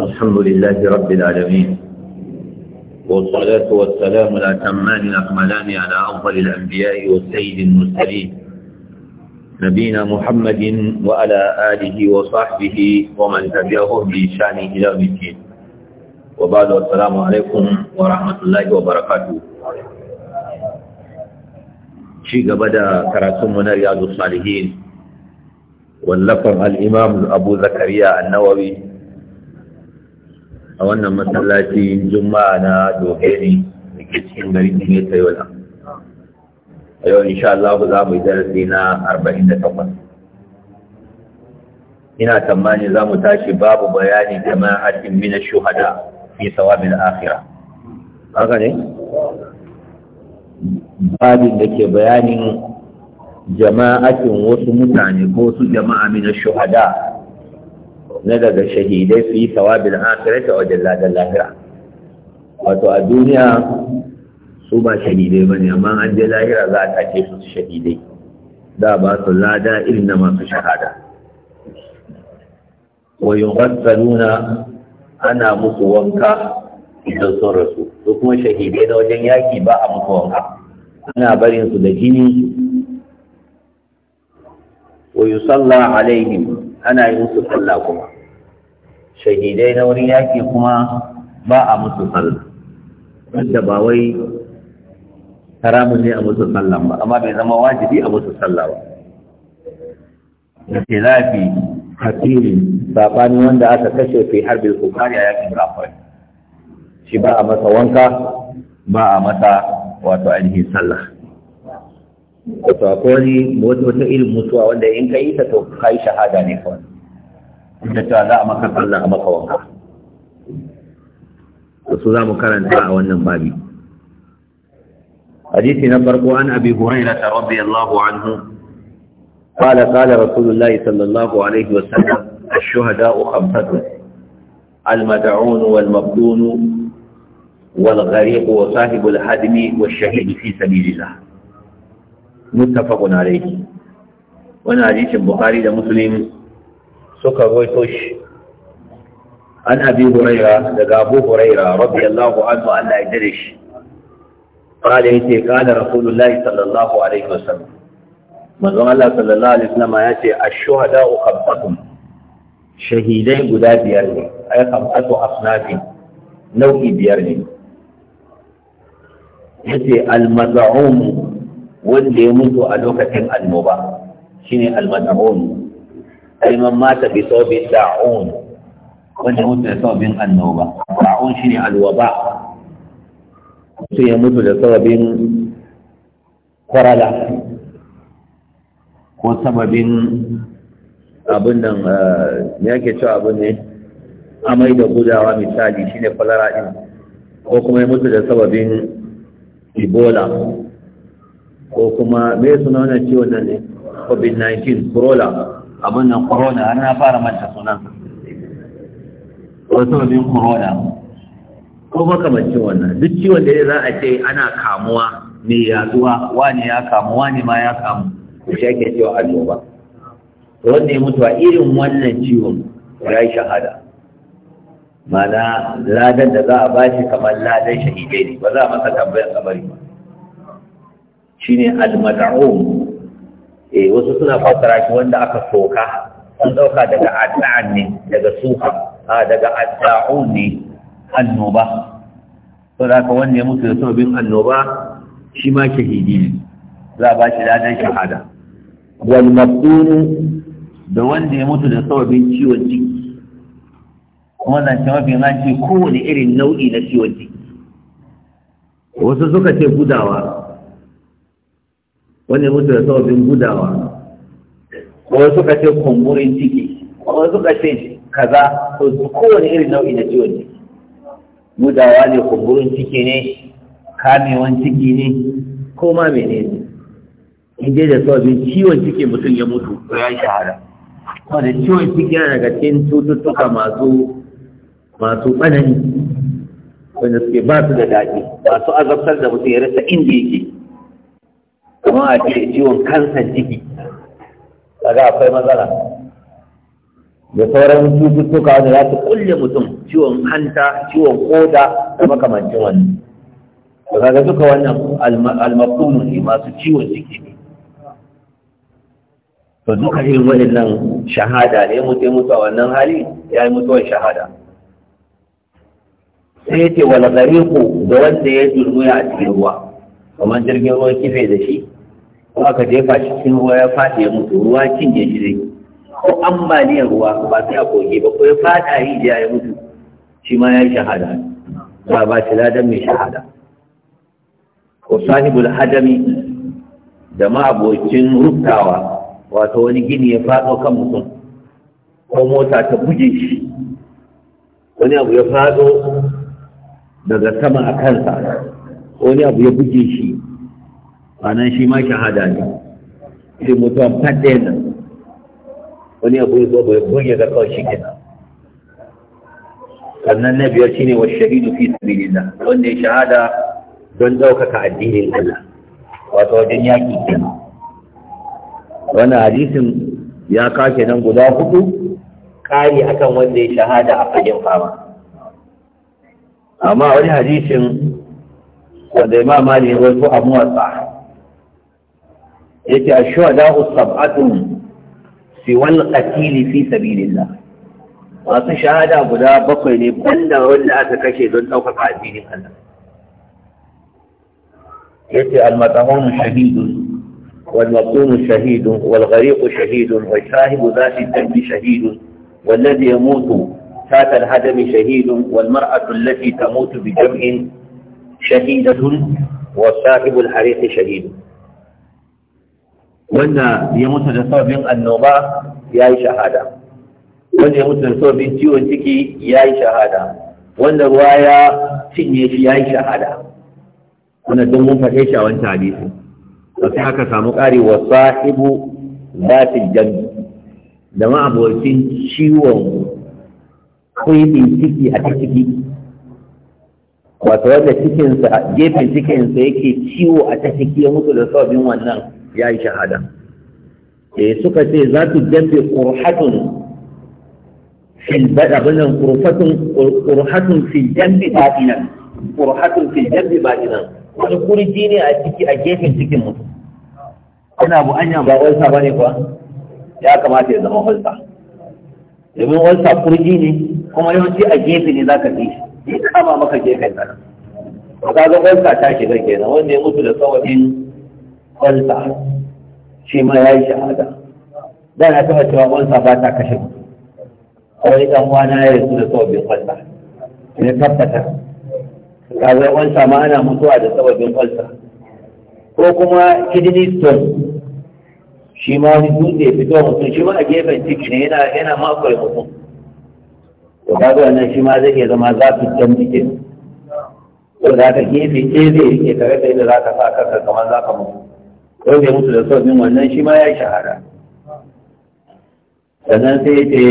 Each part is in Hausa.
الحمد لله رب العالمين والصلاة والسلام الأتمان الأكملان على أفضل الأنبياء والسيد المرسلين نبينا محمد وعلى آله وصحبه ومن تبعهم بإشان إلى الدين وبعد والسلام عليكم ورحمة الله وبركاته شيء بدأ كراتم من رياض الصالحين wallafan al'imam abu zakariya annawawi a wannan matsalaci juma'a na dogeni da ke cikin garin ne ta yola a yau insha Allah za mu yi darasi na 48 ina tamani za mu tashi babu bayani kamar hatin mina shuhada fi sawabin akhira haka ne babin da ke bayanin jama'atin wasu mutane ko su jama'a min shuhada na daga shahidai su yi sawabil akhirati wa jalladan lahira wato a duniya su ba shahidai bane amma an je lahira za a tace su shahidai da ba su lada irin na masu shahada wa yughassaluna ana musu wanka idan sun rasu su kuma shahidai na wajen yaki ba a musu wanka ana barin su da jini wa sallah alaihim ana yi musu sallah kuma shahidai na wurin yaki kuma ba a musu sallah wanda ba wai haramun ne a musu sallah ba amma bai zama wajibi a musu sallah ba da tilafi hakiri saɓani wanda aka kashe fi harbin kukari a yakin rafai shi ba a masa wanka ba a masa wato ainihin sallah wato akwai wani wata irin mutuwa wanda in ka yi ta to ka yi shahada ne kawai da cewa za a maka Allah a maka wanka su za mu karanta a wannan babi hadisi na farko an abi hurairah radiyallahu anhu قال wa رسول الله صلى الله عليه وسلم الشهداء خمسة المدعون والمبدون والغريق وصاحب الحدم والشهيد في سبيل الله muttafaqun alayhi wannan hadisin bukhari da muslim suka rawaito shi an abi huraira daga abu huraira radiyallahu anhu Allah ya dare shi قال يتي قال رسول الله صلى الله عليه وسلم من قال صلى الله عليه وسلم يأتي الشهداء biyar ne.' قدا بيرني أي خمسة أصناف نوع بيرني يأتي المزعوم wanda ya mutu a lokacin annoba shine almad'un kalman mata bi saubin da'un wanda ya mutu da saubin annoba da'un shine alwaba su ya mutu da sababin kwarala ko sababin abin nan ya eh, ke cewa abin ne amai da gudawa misali shine kwalara din ko kuma ya mutu da sababin ebola ko kuma me suna wannan ciwon nan ne covid-19 corona abin nan corona har na fara manta sunan wasu abin corona ko makamancin wannan duk ciwon da za a ce ana kamuwa mai yaduwa wani ya kamu wani ma ya kamu Ko shi ake cewa annoba wanda ya mutuwa irin wannan ciwon ya yi shahada mana ladan da za a bashi kamar ladan shahidai ne ba za a masa tambayar kamar ba shine ne madum eh wasu suna fassara shi wanda aka soka sun dauka daga adda'an ne daga suka a ah, daga adda'un ne annoba to da ka wanda ya mutu da sababin annoba shi ma shahidi ne za a ba shi ladan shahada wal mabdun da wanda ya mutu da sababin ciwon ciki kuma na bin mafi ce kowane irin nau'i na ciwon ciki wasu suka ce gudawa wani mutu da sababin gudawa wasu suka ce kumburin ciki wasu suka ce kaza to kowane irin nau'i na ciwon ciki gudawa ne kumburin ciki ne kamewan ciki ne ko ma ne in je da sababin ciwon ciki mutum ya mutu to ya shahara wanda ciwon ciki yana daga cikin cututtuka masu masu tsanani wanda suke ba su da daɗi masu azabtar da mutum ya rasa inda yake kuma a ce ciwon kansan ciki kaga akwai matsala da sauran cututtuka wanda za su kulle mutum ciwon hanta ciwon koda da makamancin wani. to kaga duka wannan almaqulu ne masu ciwon ciki ne to duka irin nan shahada ne mutu mutu a wannan hali ya yi mutuwar shahada sai ya ce wala gariku da wanda ya durmuya a cikin ruwa kamar jirgin ruwan kife da shi ko aka jefa shi cikin ruwa ya faɗi ya mutu ruwa cinye shi dai ko ambaliyar ruwa ba sai a koge ba ko ya faɗa rijiya ya mutu shi ma ya yi shahada ba ba shi ladan mai shahada ko sahibul hadami da ma abokin rubtawa wato wani gini ya faɗo kan mutum ko mota ta buge shi wani abu ya faɗo daga sama a kansa wani abu ya buge shi a nan shi ma shahada ne shi mutum faɗe nan wani abu ya zo bai goge ga kawai shi nan sannan na biyar shine wa shahidu fi na wanda ya shahada don ɗaukaka addinin Allah wato wajen yaƙi kenan wannan hadisin ya kashe nan guda hudu kari akan wanda ya shahada a fagen fama amma wani hadisin wanda imam mali ya wato a muwatsa يتعشهداء الصبعة سوى القتيل في سبيل الله واسه شهادة بلا بقيني بلنه ولا تكشي دون توقف عزيني خلق يتي المطهون شهيد والمطهون شهيد والغريق شهيد والشاهب ذات الدم شهيد والذي يموت ذات الهدم شهيد والمرأة التي تموت بجمع شهيدة وصاحب الحريق شهيد wanda ya mutu da sababin annoba ya yi shahada wanda ya mutu da sababin ciwon ciki ya yi shahada wanda ruwa ya cinye shi ya yi shahada wanda don mun fashe shi a wancan hadisi a sai haka samu ƙari wa sahibu su jami da ma abokin ciwon kwaibi ciki a ciki wato wanda cikinsa gefen cikinsa yake ciwo a ta ciki ya mutu da sababin wannan ya yi shahada eh suka ce za su jefe ƙurhatun fil bada ƙurhatun ƙurhatun fil jambi batinan ƙurhatun fil jambi batinan wani kurji ne a ciki a gefen cikin mutum ana bu anya ba walsa ne kuwa ya kamata ya zama walsa domin walsa kurji ne kuma yawanci a gefe ne za ka fi shi kama maka gefen nan ka ga walsa ta shiga kenan wanda ya mutu da tsawon ƙwansa shi ma ya yi shahada da na taɓa cewa ƙwansa ba ta kashe mutum wani ɗan wana ya rasu da sababin ƙwansa ne tabbata zai ƙwansa ma ana mutuwa da sababin ƙwansa ko kuma kidney stone shi ma wani dutse fito mutum shi ma a gefen ciki ne yana yana makwai mutum to kaga wannan shi ma zai iya zama zafin can jikin to da ka gefe ɗaya zai rike ka da yadda za ka sa kanka kamar za ka mutu wanda ya mutu da sauƙin wannan shi ma ya shahara sannan sai ce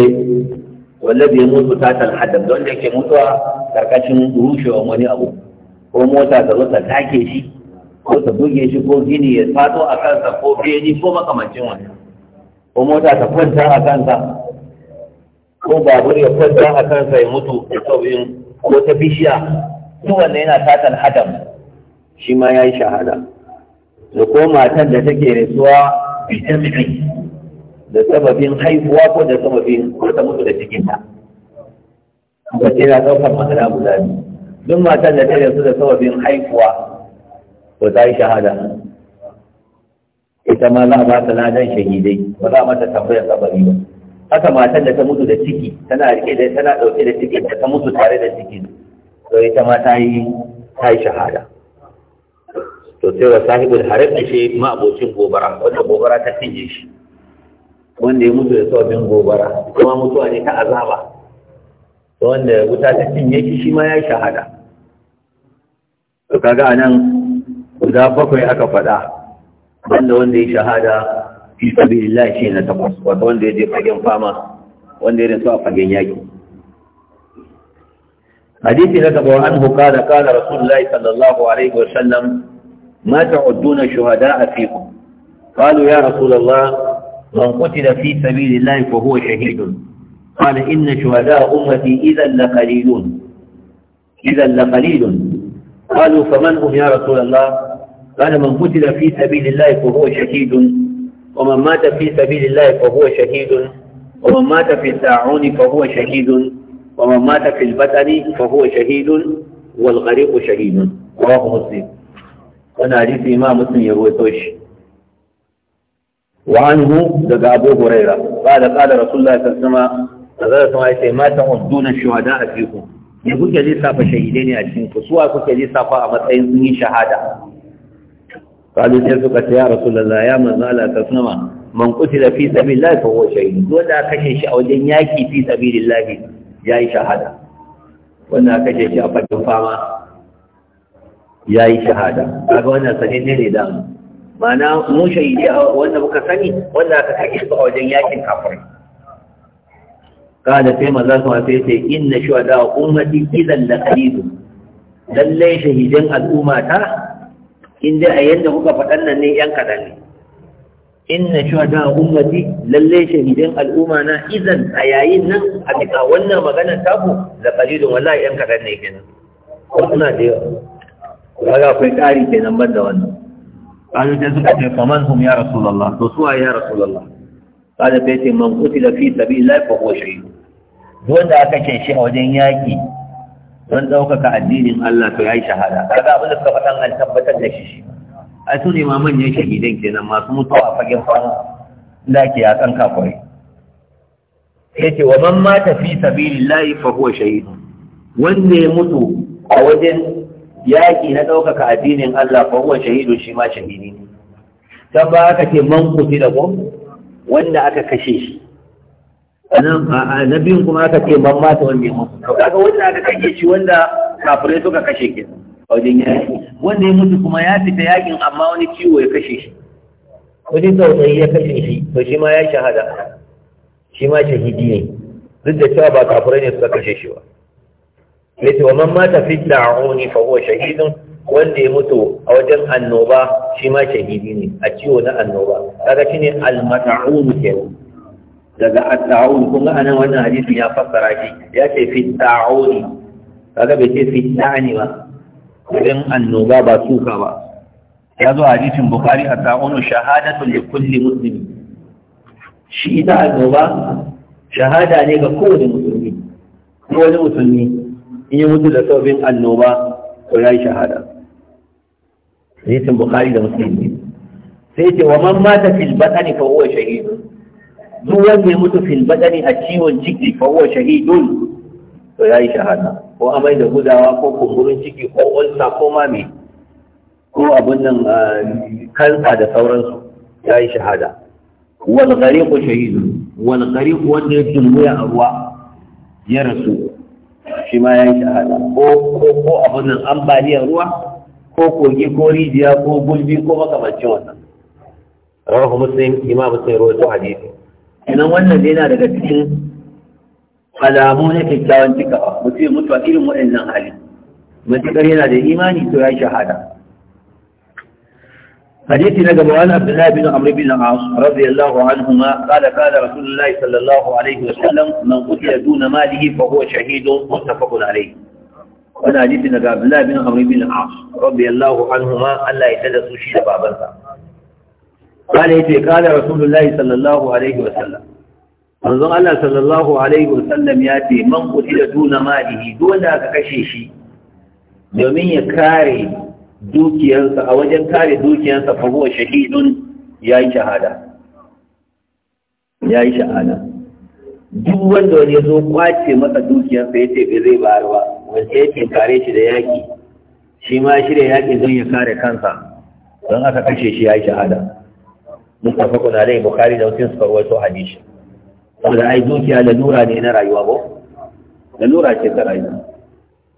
wanda ya mutu ta da wanda ke mutuwa karkashin rushewan wani abu ko mota ta zo ta take shi ko ta buge shi ko gini ya fato a kansa ko beni ko makamancin wannan ko mota ta kwanta a kansa ko babur ya kwanta a kansa ya mutu da sauƙin ko ta bishiya duk wannan yana ta talhadar shi ma ya yi shahada da ko matan da take rasuwa ita mai da sababin haifuwa ko da sababin ko ta mutu da cikinta ba ce na ɗaukar matsala guda biyu duk matan da ta rasu da sababin haifuwa ko ta yi shahada ita ma za a ba ta ladan shahidai ba za a mata tambayar sababi ba haka matan da ta mutu da ciki tana rike da tana ɗauke da cikin ta mutu tare da cikin to ita ma ta yi ta yi shahada to sai wa sahibul harib da shi ma'abocin gobara wanda gobara ta cinye shi wanda ya mutu da sabbin gobara kuma mutuwa ne ta azaba to wanda wuta ta cinye shi shi ma ya shahada to kaga anan guda bakwai aka faɗa wanda wanda ya shahada fi sabilillah shi na takwas wato wanda ya je fagen fama wanda ya rinsu a fagen yaki حديث ذكر عنه قال قال رسول الله صلى الله عليه وسلم ما تعدون شهداء فيكم قالوا يا رسول الله من قتل في سبيل الله فهو شهيد قال إن شهداء أمتي إذا لقليلون إذا لقليل قالوا فمن هم يا رسول الله قال من قتل في سبيل الله فهو شهيد ومن مات في سبيل الله فهو شهيد ومن مات في الساعون فهو شهيد ومن مات في البتن فهو شهيد والغريق شهيد رواه مسلم wani hadisi ma mutum ya ruwaito shi wa anhu daga abu huraira ba da tsada kada rasulullahi sallama a zara sama ya ce mata wanduna shahada a fiku ne kuke lissafa safa ne a cikin ku suwa kuke lissafa a matsayin sun yi shahada kalu sai suka ce ya rasulullah ya manzo Allah sallama man qutila fi sabilillah fa huwa shahid duk da kake shi a wajen yaki fi sabilillah yayi shahada wannan kake shi a fadin fama ya yi shahada kaga wannan sananne ne da mana mu shahidi wanda muka sani wanda aka kai shi a wajen yakin kafirai kada sai maza su sai sai inna shuhada ummati idan la qalidu lalle shahidan al'umma ta in dai a yanda kuka faɗan nan ne yan kadan ne inna shuhada ummati lalle shahidan al'umma na idan a yayin nan a cikin wannan magana taku la qalidun wallahi yan kadan ne kenan kuna da yawa kaga akwai ƙari kenan ban da wannan kaga sai suka ce faman hum ya rasulullah to suwa ya rasulullah kaga sai ce man da fi sabilillah fa huwa shahid wanda aka ce shi a wajen yaƙi don ɗaukaka addinin Allah to ya yi shahada ka ga abin da suka faɗan an tabbatar da shi ai su ne ma manyan shahidan kenan masu mutuwa a fagen fama da ke yakan kafirai ya ce wa man mata fi sabilillah fa huwa shahid wanda ya mutu a wajen yaƙi na ɗaukaka addinin Allah ko wa shahidu shi ma shahidi ne ta ba aka ce man kuti da gom wanda aka kashe shi sannan na biyun kuma aka ce man mata wanda ya mutu kaga wanda aka kashe shi wanda kafirai suka kashe ke a wajen yaƙi wanda ya mutu kuma ya fita yaƙin amma wani ciwo ya kashe shi wani tsautsayi ya kashe shi to shi ma ya shahada shi ma shahidi ne duk da cewa ba kafirai ne suka kashe shi ba yace wa man mata fi da'uni fa huwa shahidun wanda ya mutu a wajen annoba shi ma shahidi ne a ciwo na annoba kaga shine al mataun kenan daga al taun kuma ga anan wannan hadisi ya fassara shi ya ce fi ta'uni kaga bai ce fi ne ba wajen annoba ba suka ba ya zo hadisin bukhari at-ta'unu shahadatu li kulli muslim shi ita annoba shahada ne ga kowane musulmi kowane musulmi in yi mutu da sababin annoba ko ya yi shahada hadisin bukhari da muslim sai ce wa man mata fil batani fa huwa shahid duk wanda ya mutu fil batani a ciwon ciki fa huwa shahidun to ya yi shahada ko amai da gudawa ko kumburin ciki ko ulsa ko mami ko abun nan kansa da sauransu ya yi shahada Wani gari ko shahidu wani gariqu wanda ya dulmuya a ruwa ya rasu shi ma ya yi shahada ko abin nan ambaliyar ruwa ko kogi ko rijiya ko gulbi ko makamancin wannan rawahu muslim imam muslim rawaito hadisi idan wannan ne yana daga cikin alamu na kyakkyawan cikawa mutum mutuwa irin waɗannan hali matuƙar yana da imani to ya yi shahada حديث نجم وعن عبد الله بن عمرو بن العاص رضي الله عنهما قال قال رسول الله صلى الله عليه وسلم من قتل دون ماله فهو شهيد متفق عليه وانا حديث نجم عبد الله بن عمرو بن العاص رضي الله عنهما الا يتدس شيء بابنسا قال يتي قال رسول الله صلى الله عليه وسلم manzon الله صلى الله عليه وسلم ياتي من قتل دون ماله دون aka kashe shi domin ya kare dukiyansa a wajen kare dukiyansa fa huwa shahidun yi shahada yi shahada duk wanda wani ya zo kwace masa dukiyansa ya ce bai zai bayar ba wanda ya kare shi da yaƙi shi ma shirya yaƙi don ya kare kansa don aka kashe shi ya yi shahada mustafa kuna dai bukari da mutum suka rawaito hadisi saboda ai dukiya lura ne na rayuwa ba lura ce ta rayuwa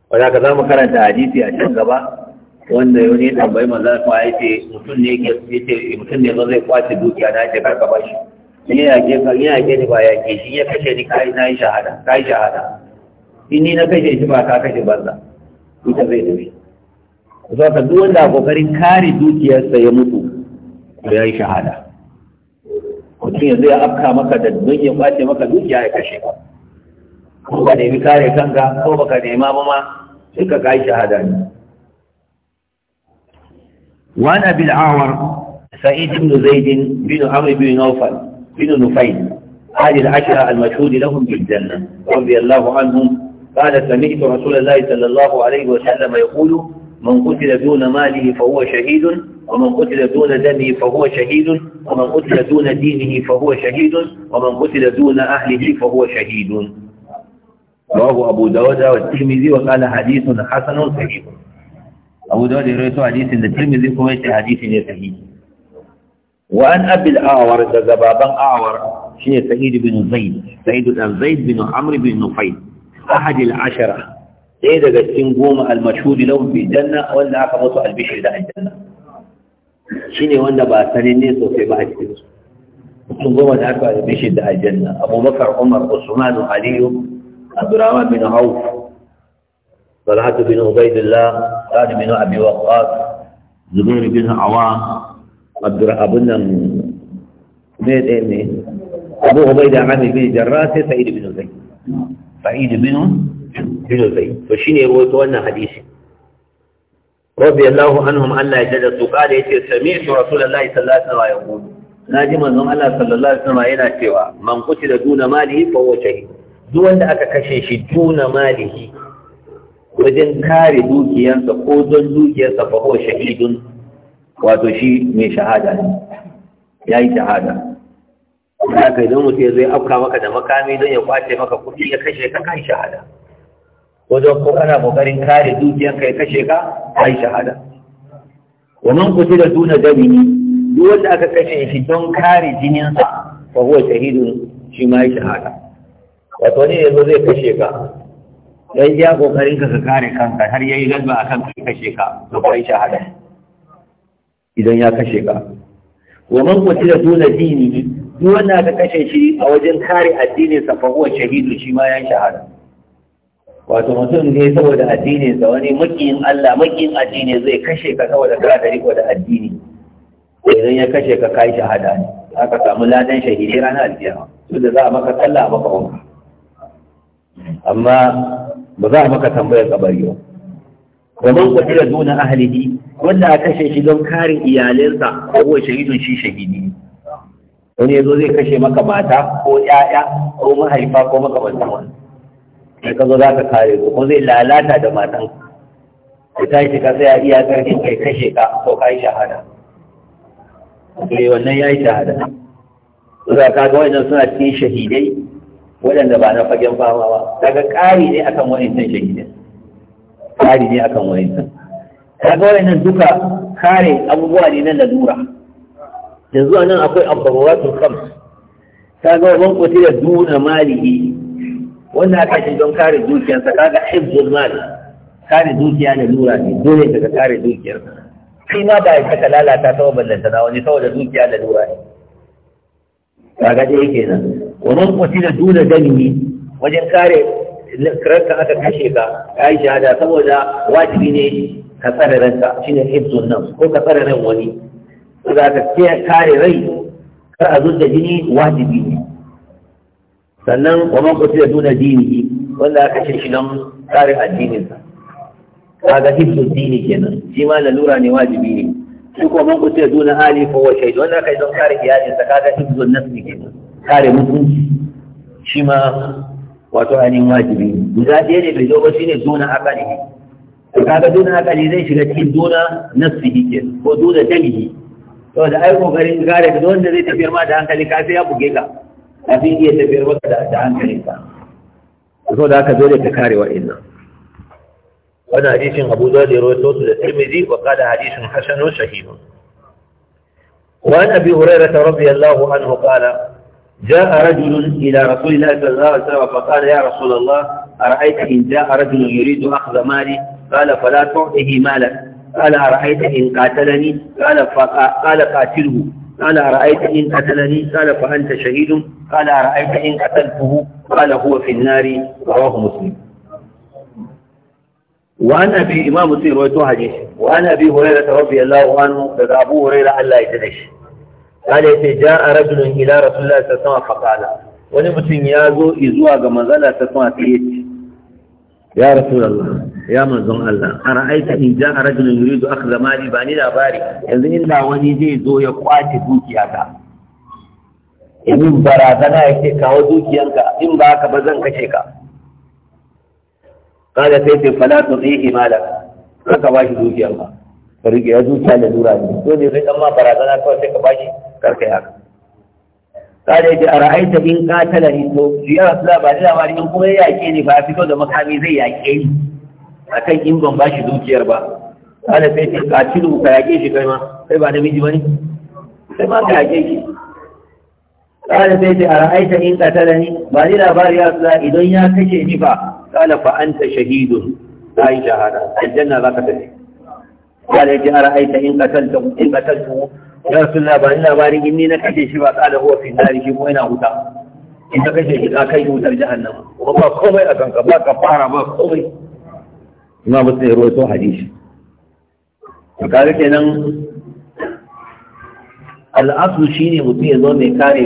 wanda ka za mu karanta hadisi a can gaba wanda wani tambayi maza kuma ya ce mutum ne ke ce mutum ne zai kwace dukiya na ce karka ba shi ni ya ke ka ni ya ke ni ba ya ke shi ya kashe ni kai na yi shahada kai shahada in ni na kashe shi ba ka kashe banza ita zai tafi za ka duk wanda kokarin kare dukiyarsa ya mutu ko ya yi shahada mutum ya zai afka maka da don ya kwace maka dukiya ya kashe ka ko ka nemi kare kanka ko baka nema ba ma sai ka kai shahada ne وانا أبي سعيد بن زيد بن عمرو بن نوفل بن نفيل أهل العشرة المشهود لهم بالجنة رضي الله عنهم قال سمعت رسول الله صلى الله عليه وسلم يقول من قتل دون ماله فهو شهيد ومن قتل دون دمه فهو شهيد ومن قتل دون دينه فهو شهيد ومن قتل دون أهله فهو شهيد رواه أبو داود والترمذي وقال حديث حسن صحيح abu dawud ya rawaito hadisin da tirmidhi kuma yace hadisi ne sahihi wa an abil awar da gababan awar shi ne sa'id bin zaid sa'id dan zaid bin amr bin nufayl ahad al ashara ɗaya daga cikin goma al-mashhud lahu bi janna wanda aka mutu al-bishr da aljanna shine wanda ba sanin ne sosai ba a cikin su Cikin goma da aka al-bishr da janna, abubakar umar usman aliyu abdurrahman bin auf طلحة بن عبيد الله سعد بن أبي وقاص زبير بن عوام عبد أبن ميد إني أبو عبيد عمرو بن جراس سعيد بن زيد سعيد بن بن زيد فشيني رويت أن حديث رضي الله عنهم أن لا يجلسوا قال سمعت رسول الله صلى الله عليه وسلم يقول ناجي من الله صلى الله عليه وسلم هنا سوى من قتل دون ماله فهو شهيد دون أكا كشيش دون ماله wajen kare dukiyarsa ko don dukiyarsa fa shahidun wato shi mai shahada ne ya yi shahada Ya ka idan mutum ya zai afka maka da makami don ya kwace maka kuɗi ya kashe ka kan shahada wajen ko kana kokarin kare dukiyarka ya kashe ka kai shahada wannan kuce da duna dami duk wanda aka kashe shi don kare jininsa fa huwa shahidun shi ma ya shahada wato ne yanzu zai kashe ka ya yi iya kokarin ka kare kanka har ya yi galba akan kai kashe ka da kai shahada idan ya kashe ka wa man qutila duna dini duk wanda ka kashe shi a wajen kare addinin sa fa huwa shahidu shi ma ya shahada wato mutum ne saboda addinin sa wani makiyin Allah makiyin addini zai kashe ka saboda ka da riko da addini idan ya kashe ka kai shahada ne aka samu ladan shahidi ranar alkiyama su da za a maka a maka wanka amma ba za a maka tambayar kabari ba wa man qatila duna ahlihi wanda a kashe shi don kare iyalinsa ko wa shahidun shi shahidi wani yazo zai kashe maka mata ko ƴaƴa ko mahaifa ko makamantan wani sai ka zo za ka kare su ko zai lalata da matan ka tashi ka tsaya iya karfin kai kashe ka ko kai shahada sai eh, wannan ya yi shahada saboda ga wannan suna cikin shahidai waɗanda ba na fagen fama ba daga ƙari ne akan wa'insan shahidin ƙari ne akan wa'insan daga wa'innan duka kare abubuwa ne na lalura yanzu a nan akwai abubuwatun kam ta ga wani kuti da duna malihi wannan aka ce don kare dukiyarsa kaga hibzul mali kare dukiya da lura ne dole daga kare dukiyarsa kai ma ba ya saka lalata ta wa ballantana wani saboda dukiya da lura ne kaga dai yake nan wannan kwatila duna dani wajen kare ranka aka kashe ka yi shahada saboda wajibi ne ka tsare ranka shine hibzun nan ko ka tsare ran wani za ka kare rai kar a da jini wajibi ne sannan wa man qutila duna dini, wanda aka kashe shi nan kare addinin sa kaga hibzun dini kenan shi ma lalura ne wajibi ne shi ko man kuce duna hali ko wa shaidu wannan kai don kare iyali sa kaga ibn nafsi ke kare mutunci shi ma wato ainihin wajibi guda ɗaya ne bai zo ba shine duna akali to kaga duna akali zai shiga cikin duna nafsi ke ko duna dalihi da ai kokarin kare ka wanda zai tafiyar ma da hankali ka sai ya buge ka kafin iya tafiyar maka da hankalinka saboda haka dole ka kare wa'annan وانا حديث أبو داود يروي الترمذي وقال حديث حسن صحيح وعن أبي هريرة رضي الله عنه قال جاء رجل إلى رسول الله صلى الله عليه وسلم فقال يا رسول الله أرأيت إن جاء رجل يريد أخذ مالي قال فلا تعطه مالك قال أرأيت إن قاتلني قال قال قاتله قال أرأيت إن قتلني قال فأنت شهيد قال أرأيت إن قتلته قال هو في النار رواه مسلم وعن أبي إمام مسلم رويته حديث وعن أبي هريرة رضي الله عنه لدى أبو هريرة الله يتدش قال جاء رجل إلى رسول الله صلى الله عليه وسلم فقال ونمتن يازو إزواج مزالة تسمى يا رسول الله ya manzon Allah a ra'aita in ja a rajulun yuridu akhdha mali ba ni labari yanzu inda wani zai zo ya kwace dukiyata in barazana yake kawo dukiyanka in ba ka ba zan kashe ka kada sai ce fala tu tsihi mala ka ba shi dukiyar ba ka rike ya zuciya da lura ne to ne sai dan ma barazana kawai sai ka ba shi karkai haka kada ya ce a ra'aita in katala ni to ya rasula ba da labari in kuma ya yake ni ba fito da makami zai yake ni akan in ban ba shi dukiyar ba ana sai ce ka ci ka yaƙe shi kai ma kai ba namiji ba ne sai ma ka yaƙe shi ƙara sai ce a ra'aita in ƙatala ne ba ni labari ya suna idan ya kashe ni ba Kalifa an ta shahidu ta yi shahada. Adanna za kata ta yi. Kala ya ce an aita in a can ta ku. Ya suna ba labarin, in na kashe shi ba a kala uwa fitilariki ko ina huta. In na kashe shi ka kai mu ta ba komai akan ka, ba ka fara ba komai. Iman musulunci ya rubuta hadishi. A kare kenan, al'adu shi ne mutum ya zo mai kare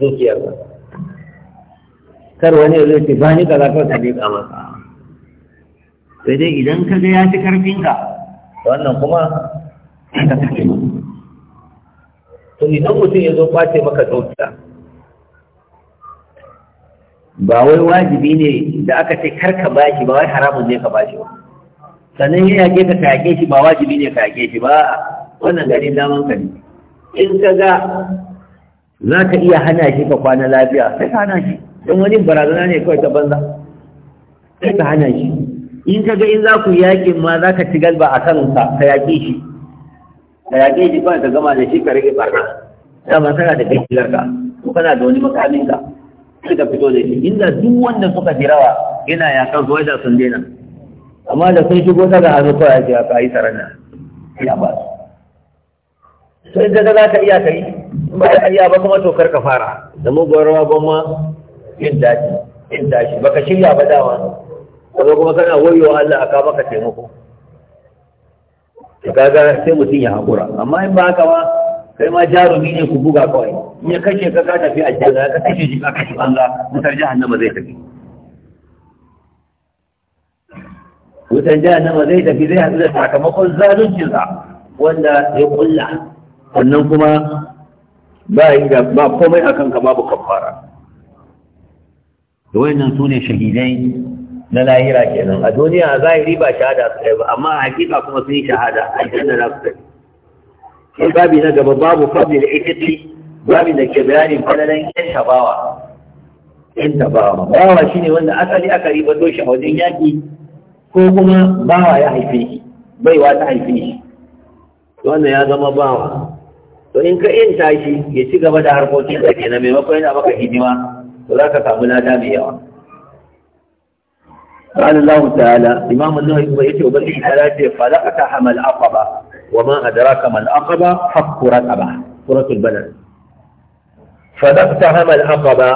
dukiyar dukiyarka. kar wani ya zai ce ba ni kaza kawai ka miƙa masa sai dai idan ka ga ya ci karfinka wannan kuma ka sake to idan mutum ya zo kwace maka dukiya ba wai wajibi ne da aka ce kar ka bashi ba wai haramun ne ka bashi ba sannan ya yage ka yage shi ba wajibi ne ka yage shi ba wannan gari daman ka ne in ka ga za ka iya hana shi ka kwana lafiya sai ka hana shi in wani barazana ne kawai ta banza sai ka hana shi in ka ga in za ku yaƙin ma za ka ci galba a kan ka yaƙe shi ka yaƙe shi kawai ka gama da shi ka rage barna dama sana da kai ka ko kana da wani makamin ka ka fito da shi inda duk wanda suka fi rawa yana yaƙan su wajen sun daina amma da sun shigo ta ga hannu kawai ake a yi sarana ya ba su sai da za ka iya ka yi ba ka iya ba kuma to kar ka fara da muguwar ba ma yin daji yin daji baka shirya ba dawa kaga kuma kana wayo Allah aka maka taimako to kaga sai mutum ya hakura amma in ba haka ba kai ma jarumi ne ku buga kawai in ya kashe ka ka tafi aljanna ka kashe shi ka kashe Allah mutar jahannama zai tafi mutar jahannama zai tafi zai hadu da sakamakon zaluncinsa wanda ya kulla Wannan kuma ba komai akan ka babu kafara da wayannan su ne shahidai na lahira kenan a duniya a zahiri ba shahada su kai ba amma a hakika kuma sun yi shahada a aljanna za su kai sai babi na gaba babu fadlil ikiti babi da ke bayani fadalan yan tabawa yan tabawa bawa shine wanda asali aka to shi a wajen yaki ko kuma bawa ya haife shi baiwa ta haife shi wannan ya zama bawa to in ka yanta shi ya ci gaba da harkokin da ke na maimakon yana maka hidima to za ka samu قال الله تعالى إمام الله يبيته وبلغ ثلاثة فلقتحم العقبة وما أدراك ما العقبة حق أبا كرة البلد فلقتحم العقبة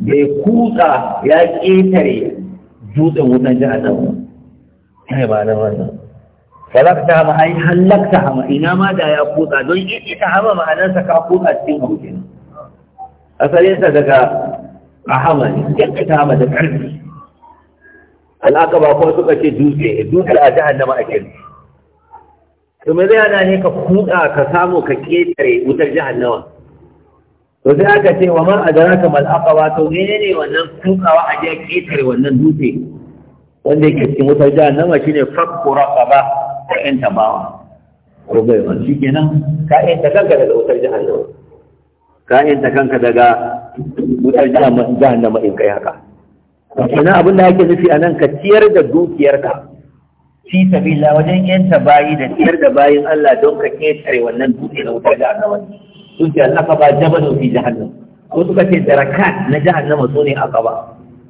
بكوتا يا كيتري جوز وتجعلهم هاي معنى معنى فلقتحم أي هلقتحم إنما دا يا كوتا دون إتحم معنى سكا كوتا تيمو أصلا ينسى rahama ne ya ma da ƙarfi ba kuma suka ce dutse dutse a jahannama ake ne to me zai ne ka kuka ka samu ka ƙetare wutar jahannama to sai aka ce wa ma adraka mal aqaba to ne wannan kukawa a jihar ƙetare wannan dutse wanda yake cikin wutar jahannama shine fakku ba, ka yanta bawa ko bai shi kenan ka ta kanka daga wutar jahannama ka kanka daga wutar jahannama in kai haka Kina abin da ake nufi a nan ka ciyar da dukiyarka fi sabila wajen yanta bayi da ciyar da bayin Allah don ka ketare wannan dukiyar wutar jahannama dukiyar Allah ka ba jabalu fi jahannam ko suka ce darakat na jahannama su ne aka ba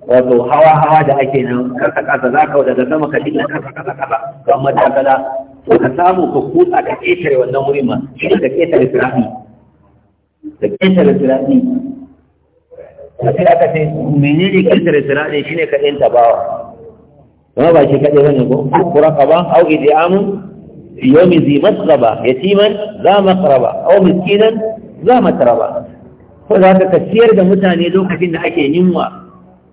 wato hawa hawa da ake nan kasa kasa za ka daga sama ka dinga kasa kasa kasa ga matakala ka samu ka kutsa ka ketare wannan wurin ma shi ka ketare firafi da ƙetare siraɗi a sai aka ce menene ƙetare siraɗi shine ka ɗin tabawa kuma ba shi kaɗai bane ko kura ka ba au idiamu fi yawmi zi ci man za masraba au miskinan za matraba ko za ka ciyar da mutane lokacin da ake yunwa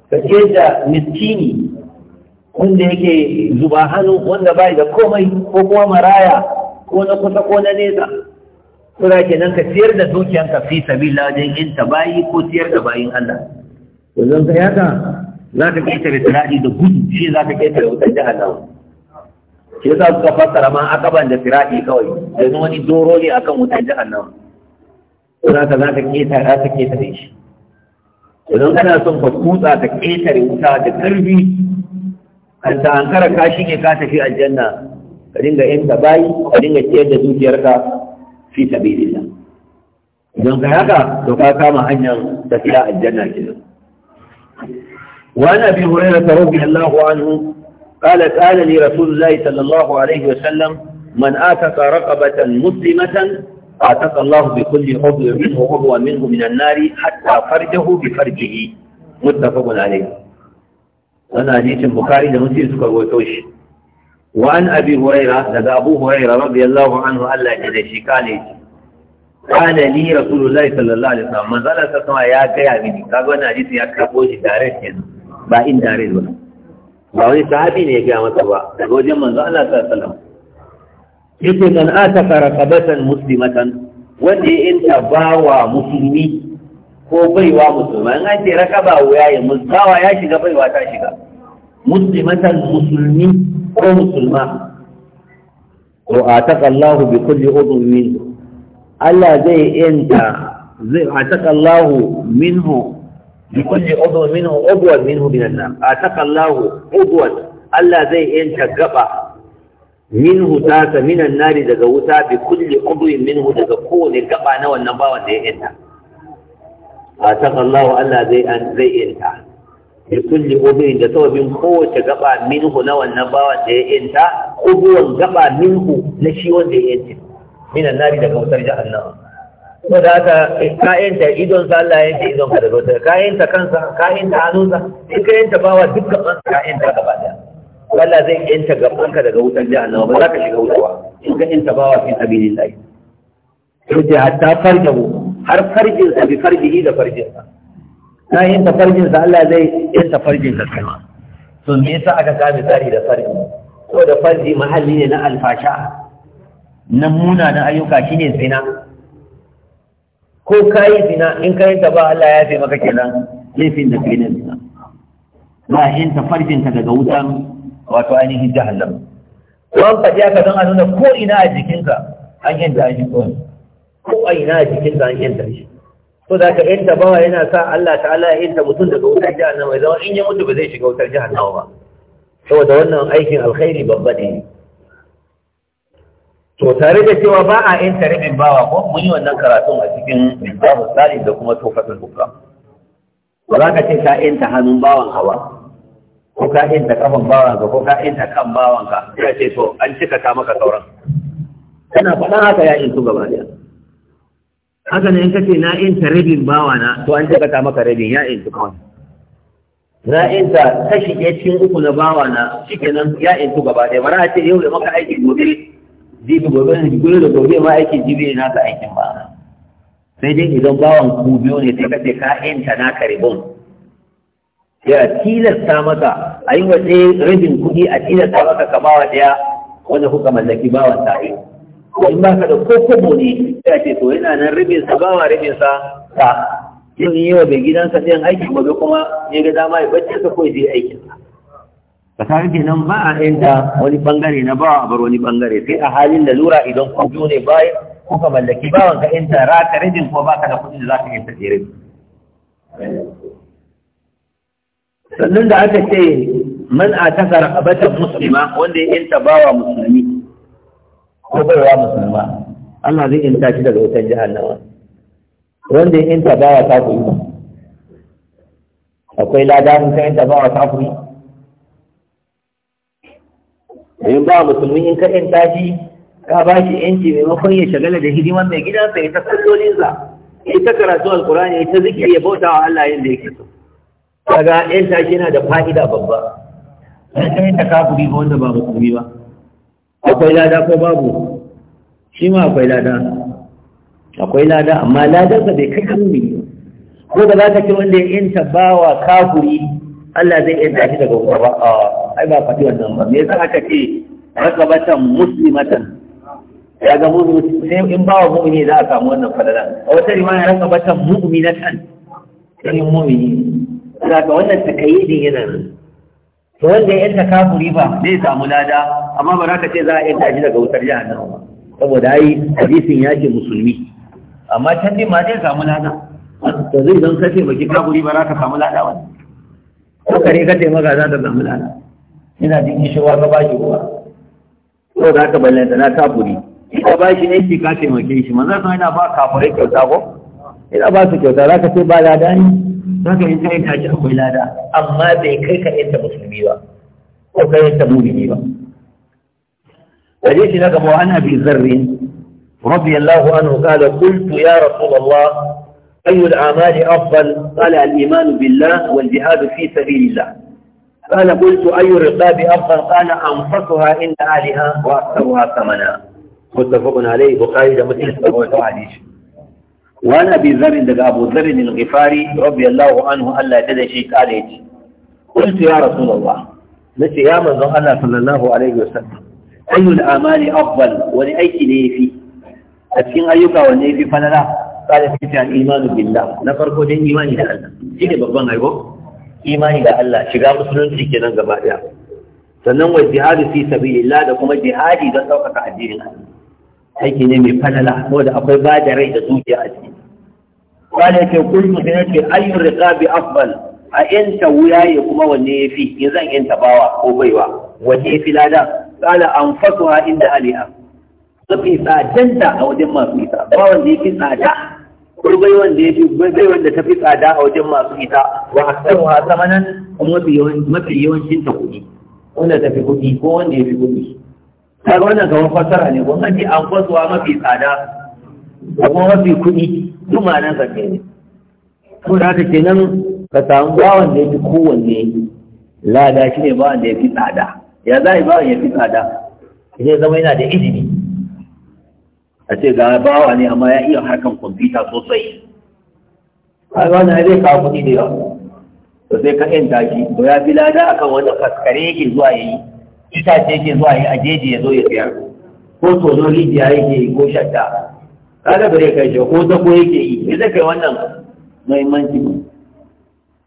ka ciyar da miskini wanda yake zuba hannu wanda bai da komai ko kuma maraya ko na kusa ko na nesa Kuna kenan ka siyar da dukiyanka fi sabila wajen in ta bayi ko siyar da bayin Allah. To zan ka yaka za ka ƙetare sirari da gudu shi za ka ƙetare wutar jahannama. Shi yasa suka fassara ma akaban da sirari kawai domin wani doro ne akan wutar jahannama. Kuna ka za ka ƙetare za ka da shi. Idan kana son ka kutsa ka ƙetare wuta da ƙarfi an ta ankara ka shige ka tafi aljanna ka dinga yin ta bayi ka dinga ciyar da dukiyarka fi sabilillah idan kai haka to ka kama hanyar tafiya aljanna kenan وعن ابي هريره رضي الله عنه قال قال لي رسول الله صلى الله عليه وسلم من اعتق رقبه مسلمه اعتق الله بكل عضو منه عضوا منه من النار حتى فرجه بفرجه متفق عليه وانا حديث البخاري ده مسلم سكر وتوش وعن أبي هريرة لدى أبو هريرة رضي الله عنه ألا يجد قال قال لي رسول الله صلى الله عليه وسلم من ظل تسمع يا كيا مني كاغو أنا جيت يا كابو شي دارت با إن دارت ولا ba wani sahabi ne ya gaya masa ba daga wajen manzo Allah sallallahu alaihi wasallam yake kan ataka raqabatan muslimatan wanda ya musulmi ko baiwa musulma in an ce rakaba wuya ya musulma ya shiga baiwa ta shiga muslimatan musulmi ko musulma wa ataka Allahu bi kulli udhun minhu Allah zai yanta zai Allahu minhu bi kulli udhun minhu minhu min Allahu Allah zai yanta gaba minhu ta min an daga wuta bi kulli udhun minhu daga kowane gaba na wannan bawan da ya yanta ataka Allahu Allah zai zai yanta bi kulli ubin da sababin kowace gaba minhu na wannan bawan da ya inta ubuwan gaba minhu na shi wanda ya yanta minan nari daga wutar jahannama to haka ka yanta idon sa Allah ya yanta idon ka daga wutar ka yanta kansa ka yanta hannunsa in ka yanta bawa dukkan ka yanta gaba daya Allah zai yanta gaban ka daga wutar jahannama ba za ka shiga wutarwa in ka yanta bawa fi sabilillah yace hatta farjahu har farjinsa bi farjihi da farjinsa yi yin tafarjin sa Allah zai yin tafarjin sa kuma to me yasa aka ga tsari da farji ko da farji mahalli ne na alfasha na muna na ayyuka shine zina ko kai zina in kai ta ba Allah ya fi maka kenan laifin da kai ne zina ba yin tafarjin ka daga wutan wato ainihin jahannam wan fadi aka don a nuna ko ina a jikinka an yanta shi ko a ina a jikinka an yanta shi so da ka yanta bawa yana sa Allah ta'ala ya yanta mutum daga wutar jahannama mai zama in ya mutu ba zai shiga wutar jahannama ba saboda wannan aikin alkhairi babba ne to tare da cewa ba a yanta rabin bawa ko mun yi wannan karatun a cikin littafin tsari da kuma tofatul hukam ba za ka ce ka yanta hannun bawan hawa ko ka inta kafan bawanka ko ka inta kan bawanka ya ce to an cika ta maka sauran kana faɗan haka ya intu gaba daya haka ne in kace na inta rabin bawa na to an jaka ta maka rabin ya inta kuma na inta kashi ɗaya cikin uku na bawa na shikenan ya inta gaba ɗaya bara a ce yau da maka aiki gobe jibi gobe ne gobe da gobe ma aikin jibi ne naka aikin ba sai dai idan bawan ku biyo ne sai kace ka inta na karibon ya tilasta maka a yi wa ɗaya rabin kuɗi a tilasta maka ka bawa ɗaya wanda kuka mallaki bawan ta'in in ba ka da ko kobo ne ya ce to yana nan rabin sa bawa rabin sa ta yin yi wa mai gidansa sayan aiki gobe kuma ya ga dama ya bacci ka ko je aikin ka ta rike nan ba a inda wani bangare na ba a bar wani bangare sai a halin da lura idan ku biyo ne bayan kuka mallaki bawan ka inda ka rijin ko baka da kudin da za ka yanta tsere sannan da aka ce man a taka rakabatan musulma wanda ya yanta bawa musulmi ko baiwa musulma Allah zai inta shi daga wutan jahannama wanda ya inta bawa ta kuri ba akwai lada in ka inta bawa ta kuri in ba musulmi in ka inta shi ka ba shi yanci maimakon ya shagala da hidiman mai gidansa ya ta kallolinsa ya ta karatu alkurani ya ta zikiri ya bauta wa Allah yadda yake so kaga yanta shi yana da fa'ida babba sai kai inta kafuri ba wanda ba musulmi ba akwai lada ko babu shi ma akwai lada akwai lada amma ladarsa bai kai kamuni ko da za ka ce wanda ya yanta bawa kafuri Allah zai yanta shi daga wuta ba ai ba faɗi wannan ba me yasa aka ce rakabatan muslimatan ya ga mu'min sai in bawa mu'mini za a samu wannan fadala a wata riwaya rakabatan mu'minatan sai mu'mini za ka wannan takayyidin yana nan to wanda ya yanta kafuri ba zai samu lada amma ba za ka ce za a yanta shi daga wutar jihar nan saboda ai hadisin ya ce musulmi amma can din ma zai samu lada to zai zan kace baki kafuri ba za ka samu lada wani ko kare ka taimaka za ta samu lada ina jin kishiwa ka bashi ruwa ko za ka ballanta na kafuri ka bashi ne ki ka taimake shi manzo sai yana ba kafurai kyauta ko ina ba su kyauta za ka ce ba lada ne haka in kai ta ji akwai lada amma bai kai ka yanta musulmi ba ko ka yanta mumini ba رضي الله عنه قال قلت يا رسول الله أي الأعمال أفضل قال الإيمان بالله والجهاد في سبيل الله قال قلت أي الرقاب أفضل قال أنفسها عند آلها وأكثرها ثمنا متفق عليه وقال مسلم وعليش wani abin zarin daga abu zarin ilgifari rabbi Allah wa anhu Allah ta da shi kare ci kultu ya rasu da ba na ce ya manzo Allah sallallahu alaihi wasallam ayyu al'amali afdal wani aiki ne yafi a cikin ayyuka wanne yafi falala kare shi ta iman billah na farko dai imani da Allah shi ne babban aibo imani da Allah shiga musulunci kenan gaba daya sannan wa jihadu fi sabilillah da kuma jihadi don daukaka addinin Allah aiki ne mai falala ko da akwai ba da rai da zuciya a ciki wani ce kullu sai nace ayyun riqabi afdal a yanta wuya ya kuma wanne ya fi? in zan yanta bawa ko baiwa wanne fi lada an anfasuha inda aliha mafi tsadanta a wajen masu ita ba wanda fi tsada kurbai wanda ya yafi bai wanda fi tsada a wajen masu ita wa aksaruha zamanan kuma mafi yawancin ta kuɗi wanda ta fi kuɗi ko wanda ya fi kuɗi kaga wannan kamar fasara ne ko an ce an fasuwa mafi tsada da kuma mafi kuɗi duk ma'anar sa ne ko da haka kenan ka samu bawan da ya fi kowanne lada shi ne bawan da ya fi tsada ya za a yi bawan ya fi tsada zai zama yana da izini. a ce ga bawa ne amma ya iya harkan kwamfuta sosai a wannan zai kawo kuɗi da yawa to sai ka yanta shi to ya fi lada akan wanda faskare yake zuwa ya yi ce yake zuwa yi a jeji ya zo ya tsayar ko tono rijiya yake yi ko shadda kaga bare kai shi ko ko yake yi me kai wannan muhimmanci ne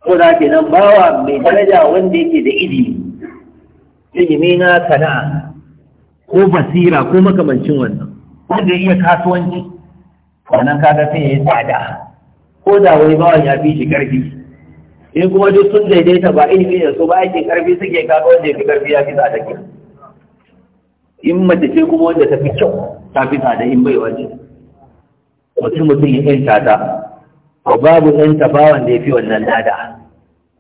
ko da ke nan bawa mai daraja wanda yake da ilimi ilimi na sana'a ko basira ko makamancin wannan wanda iya kasuwanci wannan kaga sai ya yi tsada ko da wani bawan ya fi shi karfi in kuma duk sun daidaita ba ilimi ne su ba aikin karfi suke kaga wanda ya fi karfi ya fi tsada ke in mace ce kuma wanda ta fi kyau ta fi tsada in bai wace mutum mutum ya yanta ta ko babu yanta ba wanda ya fi wannan lada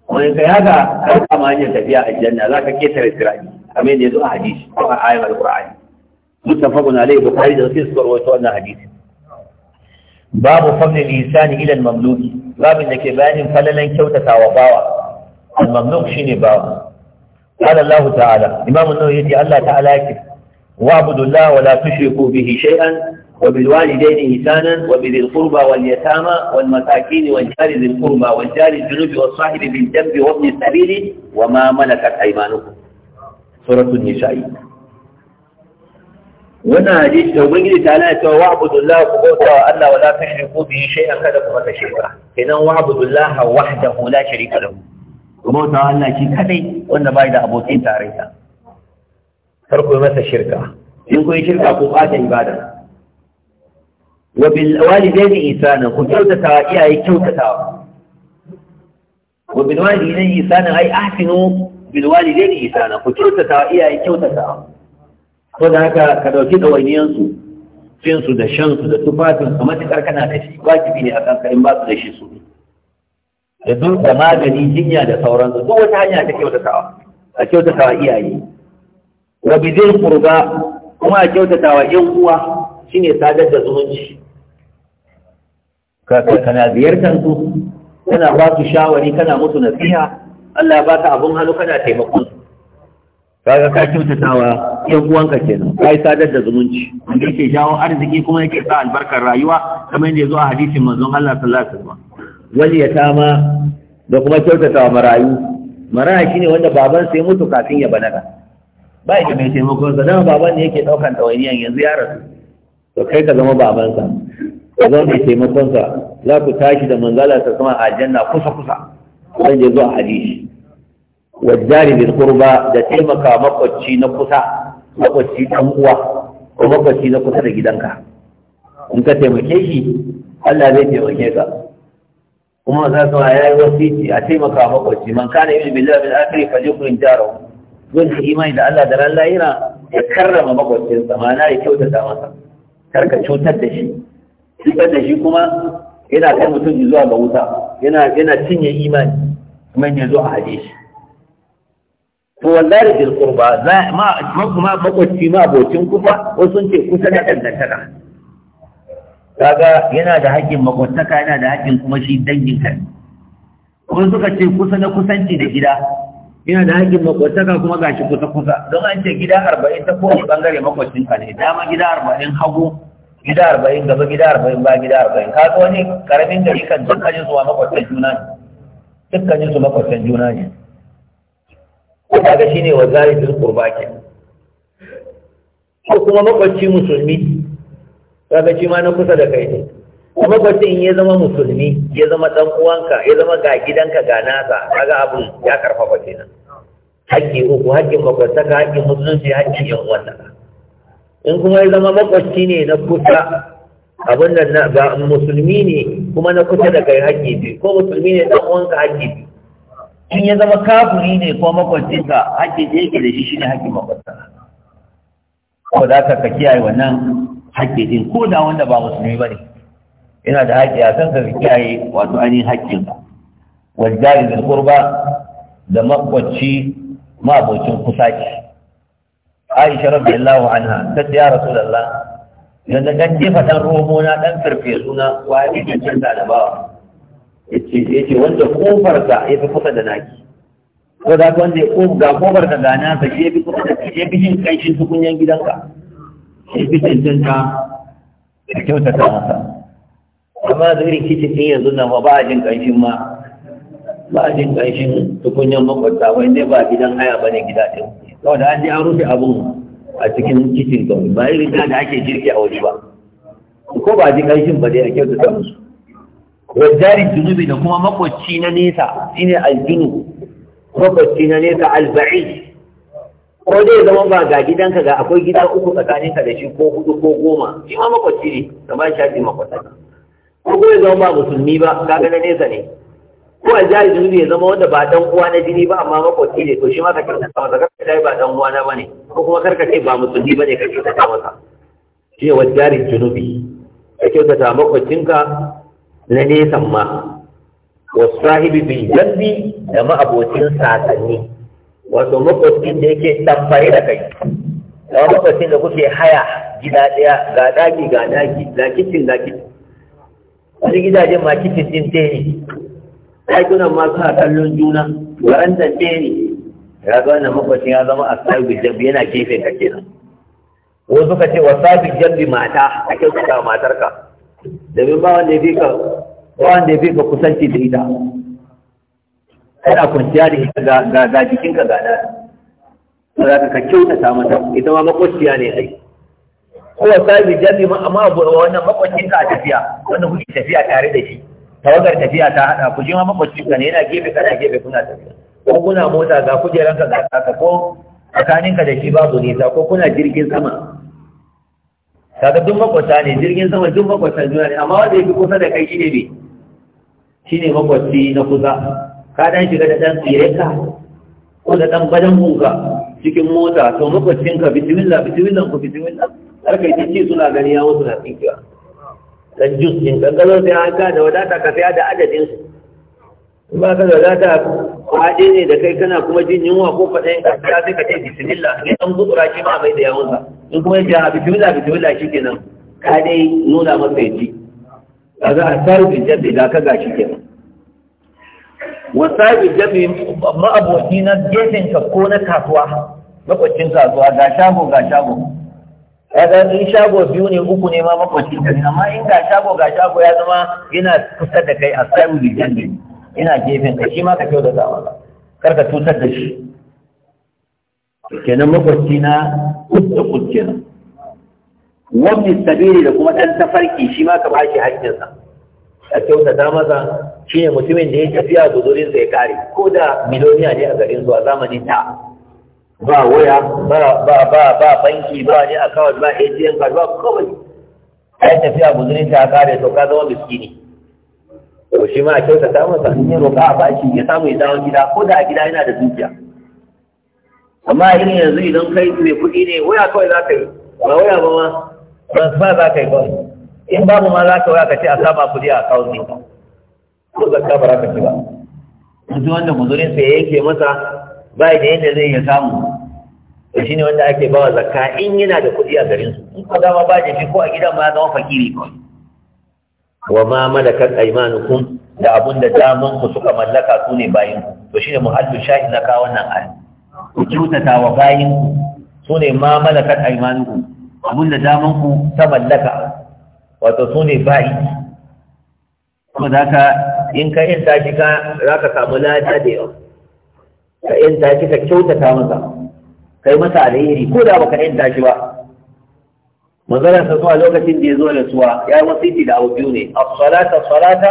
wani kai haka ka kama hanyar tafiya a janna za ka ketare sirani kamar yadda ya zo a hadisi ko a ayyar alkur'ani na alai bukari da sai suka rawaito wannan hadisi babu fadlil insani ilan mamluki babin da ke bayanin falalan kyautata wa bawa al-mamluk shine bawa qala Allah ta'ala imam an-nawawi yace Allah ta'ala yake wa abudullah wa la bihi shai'an. wa bil walidayni ihsanan wa bil qurba wal yatama wal masakin wal jari dhil qurba wal jari junubi was sahibi bil jambi wa ibn sabili wa ma malakat aymanukum suratul nisa'i wannan hadisi da ubangiji ta ala cewa wa abudullah ku bauta wa Allah wa la tushriku bihi shay'an kada ku masa shirka idan wa abudullah wahdahu la sharika lahu ku bauta wa Allah shi kadai wanda bai da abokin tarayya kar ku masa shirka in ku yi shirka ku bata ibada wa bil walidaini ihsana ku kyautata wa iyaye kyautata. wa bil walidaini ihsana ai ahsinu bil walidaini ihsana ku kyautata wa iyaye kyautatawa ko da haka ka ɗauki ɗawainiyansu cinsu da shansu da tufafin a matuƙar kana da shi wajibi ne a kanka in ba su da shi su da duk da magani jinya da sauransu duk wata hanya ta kyautatawa a kyautatawa iyaye rabi zai qurba kuma a kyautatawa yan uwa shine sadar da zumunci ka kana ziyartar su kana ba su shawari kana musu nasiha Allah ba ka abun hannu kana taimakon kaga ka kyautatawa yan uwanka kenan kai sadar da zumunci wanda yake jawo arziki kuma yake sa albarkar rayuwa kamar yadda zo a hadisin manzon Allah sallallahu alaihi wasallam ya tama da kuma kyautatawa marayu Marayu shine wanda baban sai mutu kafin ya balaga ba ya mai taimako sa dama baban ne yake daukan tawaniyan yanzu ya rasu to kai ka zama baban sa ka zama mai taimakon sa za ku tashi da manzala ta kuma aljanna kusa kusa zan je zuwa hadisi wa jari bil da taimaka makwacci na kusa makwacci ɗan uwa ko makwacci na kusa da gidanka in ka taimake shi Allah zai taimake ka kuma za su ya yi wasiti a taimaka makwacci man kana yi billahi bil akhir fa yukrim jarahu wanda imani da Allah da ran lahira ya karrama makwacinsa ma'ana ya kyautata masa Kar ka cutar da shi cutar da shi kuma yana kai mutum zuwa ga wuta yana cinye imani kuma ya zo a haje shi to wallahi bil qurba za ma ma makwacci ma abocin kuma wasu sun ce kusa da dangantaka kaga yana da haƙƙin makwataka yana da haƙƙin kuma shi dangin ka kuma suka ce kusa na kusanci da gida yana da haƙƙin makwataka kuma gashi kusa kusa don an ce gida arba'in ta kowane bangare makwacin ka ne dama gida arba'in hagu gida arba'in gaba gida arba'in ba gida arba'in ka zo ne karamin gari kan dukkanin su makwatan juna ne dukkanin su makwatan juna ne kaga shine wa zalidul kurba ke ko kuma makwacci musulmi kaga shi ma na kusa da kai ne kuma makwacci in ya zama musulmi ya zama dan uwanka ya zama ga gidanka ga nasa kaga abun ya karfafa kenan haƙƙi uku haƙƙin makwataka haƙƙin musulunci haƙƙin yan uwantaka in kuma ya zama makwacci ne na kusa abin da ba musulmi ne kuma na kusa da kai haƙƙi biyu ko musulmi ne dan uwanka haƙƙi biyu in ya zama kafuri ne ko makwancinka haƙƙin da yake da shi shi ne haƙƙin makwancinka ko da ka kiyaye wannan haƙƙin din ko da wanda ba musulmi ba ne? yana da haƙƙi a kanka ka kiyaye wato ainihin hakkinka Wani jari da kurba da makwanci kusa kusaci Aisha radiyallahu anha ta ce ya Rasulullah idan da dan jefa dan romo na dan firfesu na wani da canza da bawa ya ce wanda ga ya fi kusa da naki ko da wanda ya ko ga kofar ka gana ka ya fi kusa da ya fi jin kanshin tukunyan gidanka shi fi cancanta ka kyautata masa amma da irin kicin ɗin yanzu na ba a jin kai ma ba a jin kanshin tukunyan makwabta wai ne ba gidan haya ba ne gida ɗin kawai da an je an rufe abun a cikin kicin kawai ba irin da ake jirgin a waje ba ko ba a ji kanshin ba dai a kyautata musu wajari junubi da kuma makwacci na nesa shine aljunu makwacci na nesa alba'i ko dai zama ba ga gidanka ga akwai gida uku tsakaninka da shi ko hudu ko goma shi ma makwacci ne kamar shafi makwata ko kuma zama ba musulmi ba kaga na nesa ne ko aljari junubi ya zama wanda ba dan uwa na jini ba amma makwacci ne to shi ma kake kyautata masa karka kai ba dan uwa na bane ko kuma karka ce ba musulmi bane ka kyautata masa shi ne wajari junubi ka kyautata makwacinka na nesan ma wasu sahibi bin jambi da ma'abocin sasanni wato makwabcin da yake ɗanfare da kai da makwabcin da kuke haya gida ɗaya ga ɗaki ga ɗaki ga kicin ga kicin wani gidajen ma kicin ɗin tere ɗakunan ma suna kallon juna garantan tere ya ga wannan makwabcin ya zama a sahibi jambi yana gefe ka kenan wasu ka ce wasu sahibi jambi mata a kyautata matarka domin ba wanda ya fi ka ba wanda ya fi ka kusanci da ita ana kwanciya da ita ga ga jikinka ga gada to za ka kyautata mata ita ma makwabciya ne ai ko sahibi jami ma amma wannan makwabcin ka tafiya wannan kuke tafiya tare da shi tawagar tafiya ta hada ku ji ma makwabcin ka ne yana gefe kana gefe kuna tafiya ko kuna mota ga kujeranka ga ka ko tsakaninka da shi babu nisa ko kuna jirgin sama kaga duk makwata ne jirgin sama duk makwata juna ne amma wanda yake kusa da kai bi? shi ne makwati na kusa ka dan shiga da dan tsireka ko da dan badan kuka cikin mota to makwacin ka bismillah bismillah ku bismillah har kai ce suna gani ya wasu na tsinkiya dan jus din kankalo sai an ka da wadata ka sai da adadin su ba ka da zata kwaɗe ne da kai kana kuma jin yunwa ko faɗin ƙasa sai ka ce bisimila ne an gutsura shi ma mai da yawon sa in kuma ya ce bisimila bisimila shi kenan ka dai nuna masa ya ci ka za a sarfi jabi da ka shi kenan wasu sarfi jabi ma'aboki na gefen ka ko na kasuwa makwacin kasuwa ga shago ga shago kaga in shago biyu ne uku ne ma makwacin ka amma in ga shago ga shago ya zama yana kusa da kai a sarfi jabi ina gefen ka shi ma ka kyau da dama kar ka cutar da shi kenan makwabci na kudda kudda nan wani sabiri da kuma ɗan tafarki shi ma ka ba shi haƙƙinsa a kyautata masa shi ne mutumin da ya tafiya guzurinsa ya kare ko da miloniya ne a garin zuwa zamanin ta ba waya ba ba ba banki ba ne a kawai ba atm ba ba kawai ya tafiya guzurinsa ya kare to ka zama miskini to shi ma a kyautata masa in yi roƙa a baki ya samu ya dawo gida ko da a gida yana da dukiya amma a yi yanzu idan kai mai kuɗi ne waya kawai za ka yi ba waya ba ma ba za ka yi ba in babu ma za ka waya ka ce a saba kuɗi a kawo ne ko zakka ba za ka ci ba yanzu wanda muzurin sai ya yanke masa ba da yadda zai iya samu to shi ne wanda ake bawa zakka in yana da kuɗi a garinsu in ka dama ba da shi ko a gidan ma ya zama fakiri kawai wa ma malakat aymanukum da abun da daman ku suka mallaka su ne bayin ku to shine muhallu shahid na ka wannan ayi ku kyautata wa bayin ku su ne ma malakat aymanukum abun da daman ku ta mallaka wato su ne bayin kuma za ka in ka yin tashi ka za ka samu lada da yau ka yin tashi ka kyautata masa kai masa alheri ko da baka yin tashi ba manzara sa zuwa lokacin da ya zo da suwa ya yi wasiti da abu biyu ne A salata salata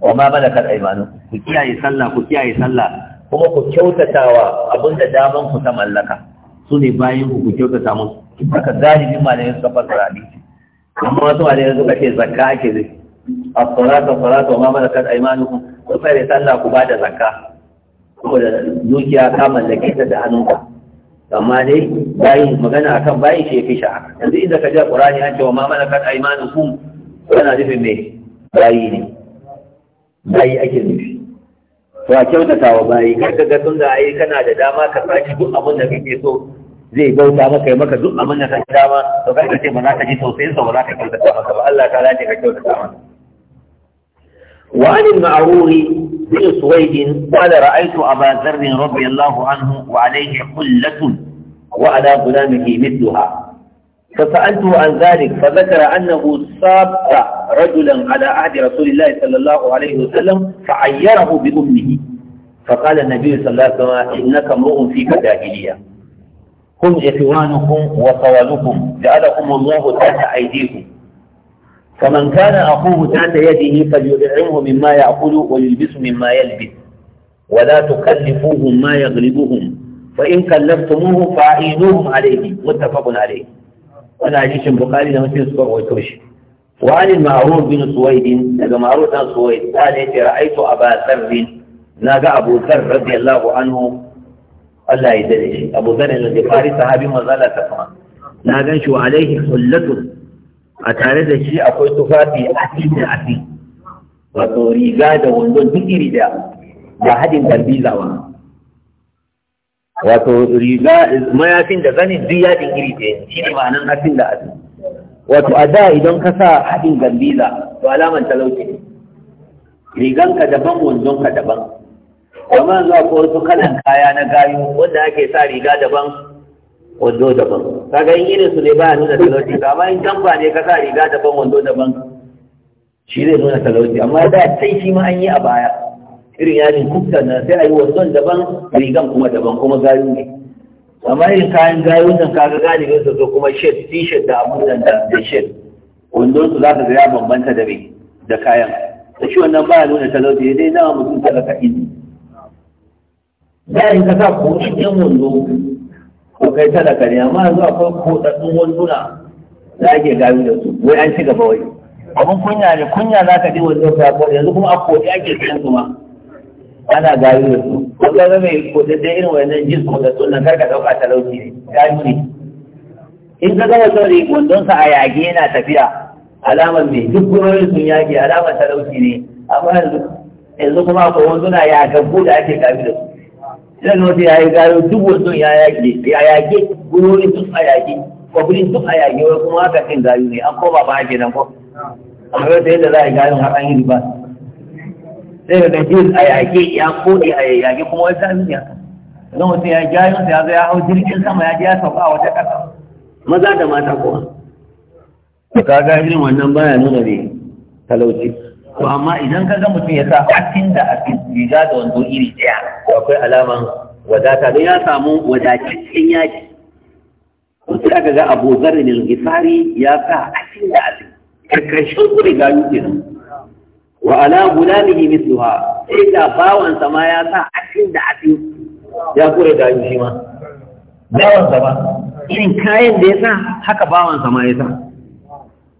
wa ma mana malakat aymanu ku kiyaye sallah ku kiyaye sallah kuma ku kyautata wa kyautatawa da daman ku ta mallaka su ne bayan ku kyautata musu haka galibin malamin suka fasa hadisi amma wasu malamai suka ce zakka ake zai A salata salata wa ma mana malakat aymanukum ku sai sallah ku bada zakka saboda dukiya ka mallake ta da hannunka amma dai bayin magana akan bayin shi yafi shahara yanzu inda ka ja qur'ani an cewa ma malakat aymanukum kana nufin me bayi ne bayi ake nufi to a kyautata wa bayi kar ka ga tunda ai kana da dama ka saki duk abin da kake so zai bauta maka ya maka duk abin da kake dama to kai ka ce ba za ka ji tausayin sa ba za ka kyautata maka ba Allah ta lade ka kyautata maka وعن المعروف بن سويد قال رأيت أبا ذر رضي الله عنه وعليه قلة وعلى غلامه مثلها فسألته عن ذلك فذكر أنه صاب رجلا على عهد رسول الله صلى الله عليه وسلم فعيره بأمه فقال النبي صلى الله عليه وسلم إنك امرؤ في جاهلية هم إخوانكم وخوالكم جعلكم الله تحت أيديكم فمن كان أخوه تحت يده فليطعمه مما يأكل ويلبسه مما يلبس ولا تكلفوهم ما يغلبهم فإن كلفتموه فأعينوهم عليه متفق عليه وأنا حديث البخاري لما تذكر ويتوش وعن المعروف بن سويد لقى معروف بن سويد قال رأيت أبا ذر ناقى أبو ذر رضي الله عنه الله يدري أبو ذر الذي قال صحابي ما زال تفهم ناقى شو عليه حلة a tare da shi akwai tufafi a cikin afi wato riga da wando duk iri da ba hadin garbiza ba wato riga mayafin da zanin duk din iri da shi ne ma'anan afin da afi wato a da idan ka sa hadin garbiza to alaman talauci ne riganka daban wandonka daban amma zuwa ko wasu kalan kaya na gayu wanda ake sa riga daban wando daban kaga in irin su ne ba ya nuna talauci ba amma in tamba ne ka sa riga daban wando daban shi zai nuna talauci amma da sai shi ma an yi a baya irin yajin kuka na sai a yi wandon daban rigan kuma daban kuma gayu ne amma irin kayan gayu nan kaga galibin su zo kuma shed t-shirt da abun nan da shed Wando su za ka ga ya bambanta da me. da kayan da shi wannan ba ya nuna talauci dai nawa mutum talaka izini da in ka sa cikin wando ko kai tana ne amma yanzu akwai kodaddun wanduna da ake gami da su wai an ci gaba wai abin kunya ne kunya za ka je wani yau ka yanzu kuma a kodi ake sayan su ma ana gami da su ko ka zama yi kodaddun irin wannan jin kodaddun nan kar ka ɗauka talauci ne gami ne in ka gama sauri, ne sa a yage yana tafiya alamar mai duk kurorin sun yage alamar talauci ne amma yanzu kuma akwai wanduna ya gabu da ake gami da su idan na wata ya yi gano duk wasu ya yage ya yage gurorin duk a yage kwabirin duk a yage wai kuma haka kan gari ne an koma ba ke nan ko amma yau yadda za a yi gari har an yi riba sai ka gaji a yage ya kode a yage kuma wai an yi haka Na mutum ya yi gayon sai ya zo ya hau jirgin sama ya je ya sauka a wata ƙasa maza da mata kuma. Ka ga irin wannan baya nuna ne talauci. to amma idan ka ga mutum ya sa fatin da a riga da wando iri ɗaya akwai alaman wadata don ya samu wadataccen yaji to sai aka ga Abu Dharr bin Ghifari ya sa fatin da a karkashin ku riga yuke nan wa ala gulamihi mithluha sai da bawan sama ya sa fatin da a ya kure da shi ma bawan sama irin kayan da ya sa haka bawan sama ya sa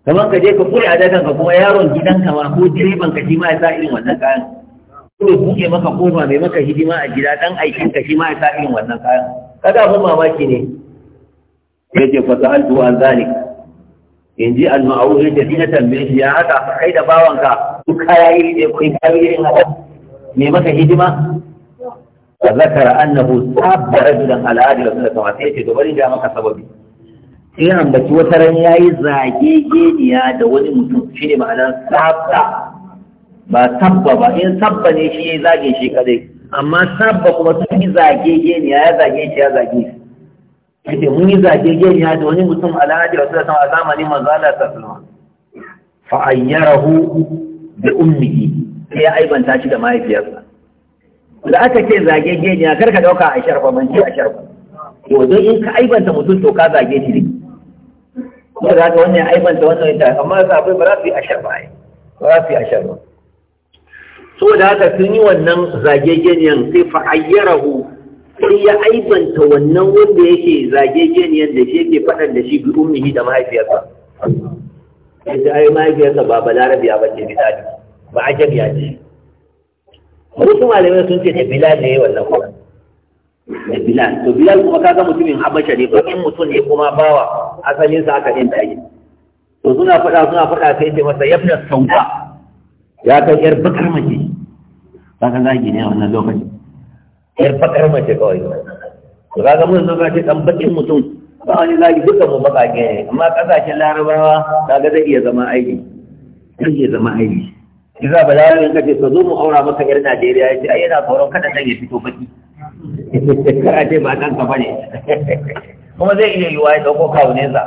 kamar ka je ka kure a dakan ka kuma yaron gidanka ma ko direban ka shi ma ya sa irin wannan kayan ko ya maka kofa mai maka hidima a gida dan aikin ka shi ma ya sa irin wannan kayan kada mun mamaki ne yake ce fasa an an zalik in ji al-ma'auri da dina tambaye shi ya haka kai da bawanka duk kaya iri ɗaya kun kaya irin haka mai maka hidima فذكر انه ساب رجلا على اهل رسول الله صلى الله عليه وسلم فقال له maka سببي sai ambaci wata ran ya yi zagegeniya da wani mutum shi ne ma'anar sabba ba sabba ba in sabba ne shi ya yi zage shi kadai amma sabba kuma sun yi zagegeniya ya zage shi ya zage shi yadda mun yi zagegeniya da wani mutum alhaji wasu da a zamanin manzala ta sulma fa'ayyarahu da ummihi sai ya aibanta shi da mahaifiyarsa da aka ce zagegeniya kar ka dauka a sharfa ban ce a sharfa to don in ka aibanta mutum to ka zage shi ne ko da haka wannan aibanta wannan ita amma sa akwai ba za su yi ashar ba ai ba za su yi ashar ba so da haka sun yi wannan zagegeniyan sai fa ayyarahu sai ya aibanta wannan wanda yake zagegeniyan da shi yake faɗan da shi bi ummihi da mahaifiyarsa sai ai mahaifiyarsa ba balarabiya ba ce bidali ba ajabiya ce wasu malamai sun ce da bilal ne wannan da bilal to bilal kuma kaga mutumin habasha ne in mutum ne kuma bawa asalin sa aka yanta yi to suna faɗa suna faɗa sai ce masa yabna sauka, ya kai yar bakar mace ba ka zagi ne a wannan lokacin yar bakar mace kawai to kaga mun zo ce dan bakin mutum ba wani zagi duka mu bakake ne amma kasashen larabawa kaga zai iya zama aiki zai iya zama aiki kisa ba za mu yanka zo mu aura maka yar Najeriya ya ce ai yana tsoron kada dan ya fito baki kar ce ba nan ka ne kuma zai iya yiwa ya ɗauko kawo nesa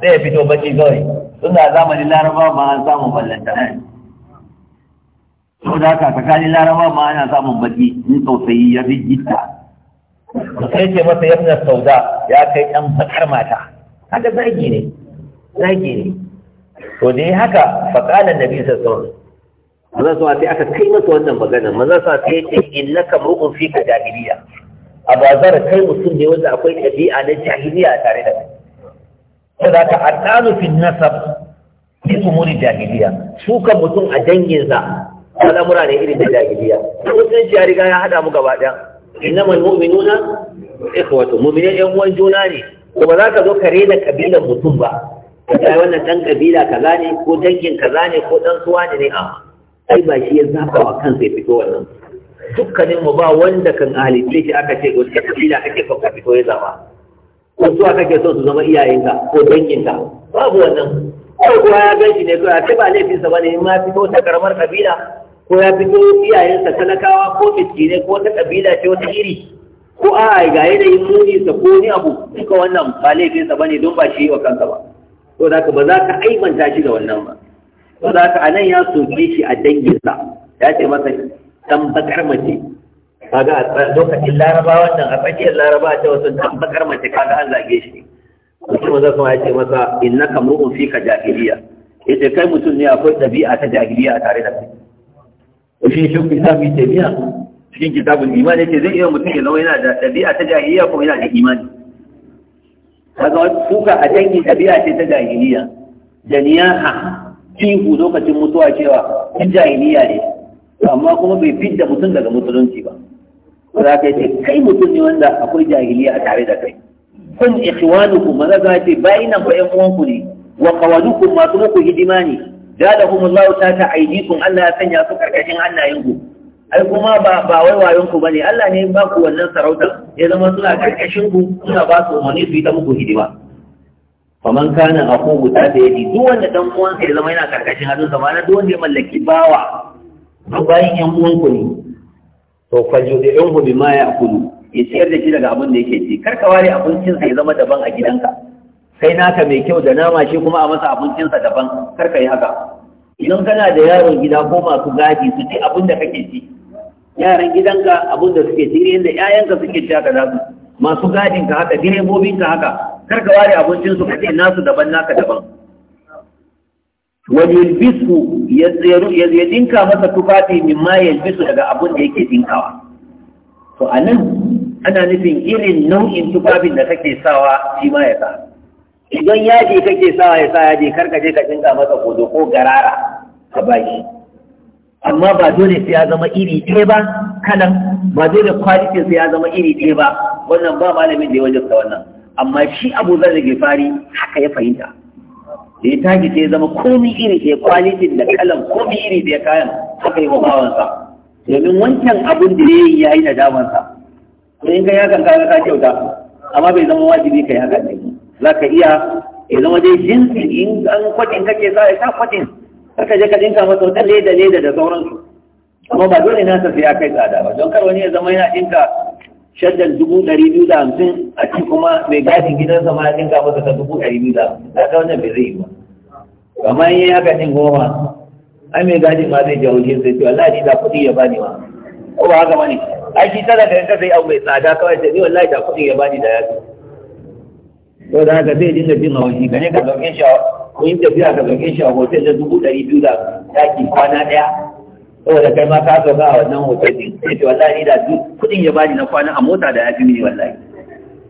sai ya fito baki kawai tun da zamanin laraba ma an samu ballanta ne sau da haka tsakanin laraba ma ana samun baki in tausayi ya fi gita sai ce masa yamna sauda ya kai ɗan bakar mata haka zagi ne zagi ne to da ya haka faƙalar bisa sassan maza su sai aka kai masa wannan magana maza su sai ce innaka mu'un fi ka jahiliya A bazar kai mutum ne wanda akwai ɗabi'a na jahiliya tare da kai saboda ka adanu fi nasab fi umuri jahiliya su kan mutum a danginsa mura ne irin da jahiliya musulunci ya riga ya haɗa mu gaba ɗaya innamal mu'minuna ikhwatu mu'minin yan uwan juna ne ko ba za ka zo ka rena kabilan mutum ba kai wannan dan kabila kaza ne ko dangin kaza ne ko dan suwa ne a ai ba shi ya zaba wa kansa ya fito wannan dukkanin mu ba wanda kan halitta shi aka ce wata kabila kake son kafi ko ya zama ko su aka ke so su zama iyayenka ko danginka babu wannan ko kuma ya ga shi ne kawai a ba laifinsa ba ne in ma fito ta karamar kabila ko ya fito iyayensa talakawa ko ne ko wata kabila ce wata iri ko a ga yanayin muni sa ko ni abu duka wannan ba laifinsa ba ne don ba shi wa kansa ba ko da ka ba za ka aibanta shi da wannan ba ko da ka anan ya soke shi a danginsa ya ce masa tambakar mace kaga a lokacin laraba nan a tsakiyar laraba ta wasu tambakar mace kaga an zage shi mutum maza kuma ya ce masa inna kamru'un ka jahiliya yace kai mutum ne akwai ɗabi'a ta jahiliya tare da kai shi shi sami tabiya cikin kitabun imani ce zai iya mutum ya zama yana da ɗabi'a ta jahiliya kuma yana da imani kaga kuka a dangi ɗabi'a ce ta jahiliya da niyaha lokacin mutuwa cewa in jahiliya ne amma kuma bai fidda mutum daga musulunci ba za ka ce kai mutum ne wanda akwai jahiliya a tare da kai kun ikhwanukum maza za ce ba 'yan uwanku ne wa qawadukum masu muku hidima ne jadahum Allah ta ta aidikum Allah ya sanya su karkashin ku. ai kuma ba ba wai wayon ku bane Allah ne ba ku wannan sarauta ya zama suna karkashin ku suna ba su umarni su yi ta muku hidima faman kana aqubu ta da yadi duk wanda dan uwansa ya zama yana karkashin hannunsa ma na duk wanda ya mallaki bawa duk bayan yan uwanku ne to fajo da yan hobi ma ya kudu ya ciyar da shi daga abin da yake ci kar ka ware abincinsa ya zama daban a gidanka kai naka mai kyau da nama shi kuma a masa abincinsa daban kar ka yi haka idan kana da yaron gida ko masu gadi su ci abin da kake ci yaran gidanka abin da suke ci yadda 'ya'yanka suke ci haka za su masu gadin ka haka direbobin ka haka kar ka ware abincin su kace nasu daban naka daban wani yalbisu ya dinka masa tufafi min ma yalbisu daga abun da yake dinkawa to a nan ana nufin irin nau'in tufafin da kake sawa shi ma ya sa idan yaji kake sawa ya sa yaji kar ka je ka dinka masa kodo ko garara ka bashi amma ba dole sai ya zama iri ɗaya ba kanan ba dole kwalitin sai ya zama iri ɗaya ba wannan ba malamin da ya wajabta wannan amma shi abu zai rage fari haka ya fahimta da ya tashi sai zama komi iri ɗaya kwaliti da kalan komi iri ya kayan haka yi wa bawansa domin wancan abin da ya yi ya yi nadamansa in ka yi hakan kaga ka kyauta amma bai zama wajibi ka yi hakan ne za ka iya ya zama dai jinsi in an kwatin kake sa ya sa kwatin ka je ka dinka masa wata leda leda da sauransu amma ba dole na sai ya kai tsada ba don kar wani ya zama yana dinka shaddan dubu ɗari biyu da hamsin a ci kuma mai gadin gidansa ma ya dinga masa ta dubu ɗari biyu da hamsin ta wannan bai zai yi ba Kamar in yi haka ɗin goma ai mai gadin ma zai jawo shi sai ce wallahi ni da kuɗi ya bani ma ko ba haka bane ai shi tana da yanka sai abu mai tsada kawai sai ni wallahi da kuɗi ya bani da ya Ko da haka zai dinga jin haushi ka ne ka ɗauke shi a kun tafiya ka ɗauke shi a hotel da dubu ɗari biyu da ɗaki kwana ɗaya saboda kai ma ka sauka a wannan hotel din sai ce wallahi da duk kudin ya bani na kwana a mota da ya fi mini wallahi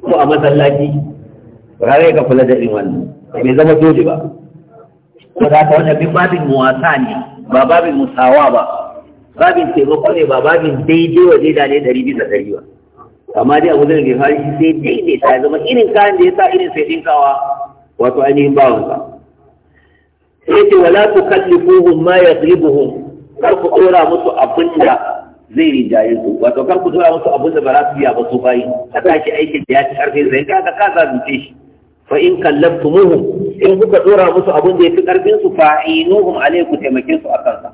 ko a masallaci rare ka kula da irin wannan bai zama dole ba ko za ka wannan bin babin muwasa ne ba babin musawa ba babin taimako ne ba babin daidai wa daida ne ɗari bisa ɗari ba amma dai abu zai gefari shi sai daidai ta zama irin kayan da ya sa irin sai ɗinkawa wato ainihin bawansa sai ce wala tukallifuhum ma yadribuhum kar ku dora musu abin da zai rinjaye su wato kar ku dora musu abin da ba za su biya ba su bayi a tashi aikin da ya ci karfin sai kaga ka zalunce shi fa in kallaftumuhu in kuka dora musu abin da ya fi karfin su fa inuhum alaiku taimake su akan sa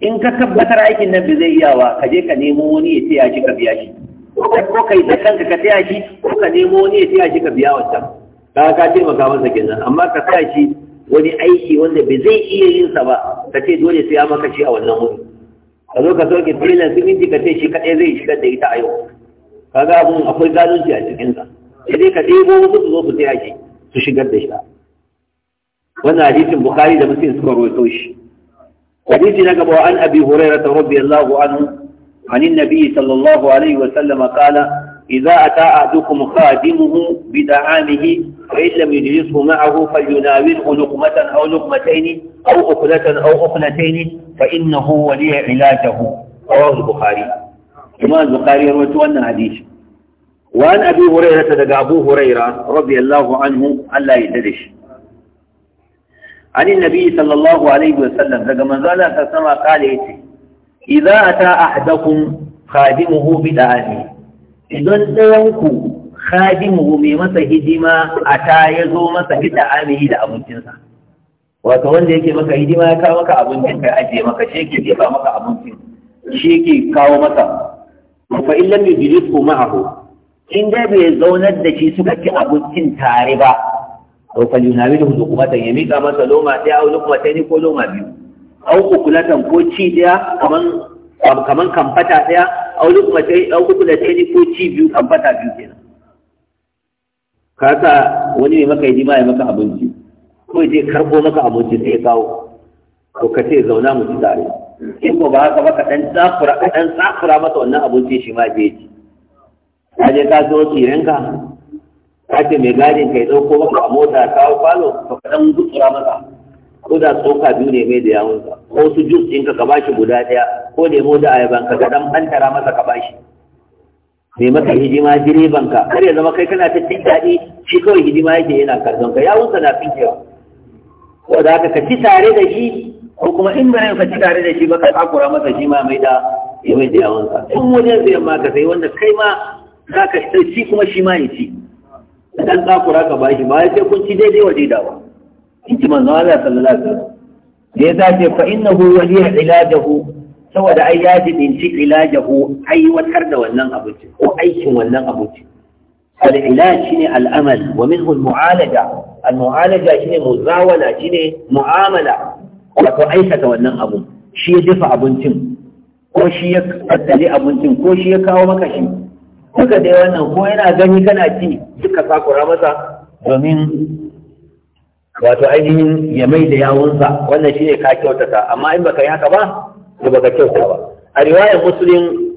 in ka tabbatar aikin nan bai zai iya wa ka je ka nemo wani ya tiya shi ka biya shi ko kai da kanka ka tiya shi ko ka nemo wani ya tiya shi ka biya wancan ka ka taimaka masa kenan amma ka sa shi wani aiki wanda bai zai iya yin sa ba ka ce dole sai ya maka shi a wannan wuri ka zo ka soke filan siminti ka ce shi kaɗai zai shigar da ita a yau Ka ga abun akwai galunci a cikin sa sai dai ka ɗebo wasu su zo su tsaya shi su shigar da shi wannan hadisin bukari da muslim suka rawaito shi hadisi na gaba an abi hurairah radiyallahu anhu anin nabi sallallahu alaihi wa sallam قال إذا أتى أحدكم خادمه بدعامه فإن لم يجلسه معه فليناوله لقمة أو لقمتين أو أخلة أو أخلتين فإنه ولي علاجه رواه البخاري إمام البخاري روى أن حديث وعن أبي هريرة دقى أبو هريرة رضي الله عنه ألا يدلش عن النبي صلى الله عليه وسلم دقى من ذلك قال إيه؟ إذا أتى أحدكم خادمه بدعامه idan ɗayanku khadimu mai masa hidima a ta ya zo masa hita amihi da abincinsa wato wanda yake maka hidima ya kawo maka abincin kai ajiye maka shi yake jefa maka abincin shi yake kawo maka fa in lam ko ma'ahu in dai bai zaunar da shi suka ci abincin tare ba to fa kuma hukumatan ya mika masa loma ɗaya wani kuma ɗaya ko loma biyu au ukulatan ko ci ɗaya kaman kaman kamfata ɗaya a wani kuma sai a da kuma sai ko ci biyu kan fata biyu kenan ka sa wani mai maka hidima ya maka abinci ko ya je karɓo maka abinci sai ya kawo ko ka ce zauna mu ci tare in ba haka ba ka ɗan tsakura ka ɗan tsakura masa wannan abinci shi ma je ci ka je ka zo tsirenka ka ce mai gadin ka ya ɗauko maka a mota kawo falo ka ɗan gutsura masa ko da tsoka biyu ne mai da ka ko su jus ɗinka ka bashi guda ɗaya ko lemo da ayaban ka ga ɗan ɓantara masa ka bashi mai maka hidima direban ka kar ya zama kai kana ta cin daɗi shi kawai hidima yake yana karɓar ka yawunsa na fitewa. ko da haka ka ci tare da shi ko kuma in ba ka ci tare da shi ba ka takura masa shi ma mai da ya mai da yawunsa in wajen zai ma ka sai wanda kai ma za ka ci kuma shi ma ya ci dan takura ka bashi ba sai kun ci daidai wa daidawa. in ji manzon Allah sallallahu alaihi wasallam da ya zace fa innahu waliya ilajahu saboda ai ya jibinci ilajahu aiwatar da wannan abinci ko aikin wannan abinci al'ilaj shine al'amal wa minhu al-mu'alaja al-mu'alaja shine muzawala shine mu'amala wato aikata wannan abu shi ya dafa abincin ko shi ya tattali abincin ko shi ya kawo maka shi duka dai wannan ko yana gani kana ci duka sakura masa domin wato ainihin ya mai da yawunsa wannan shi ne ka kyautata amma in baka yi haka ba to baka kyauta ba a riwayar muslim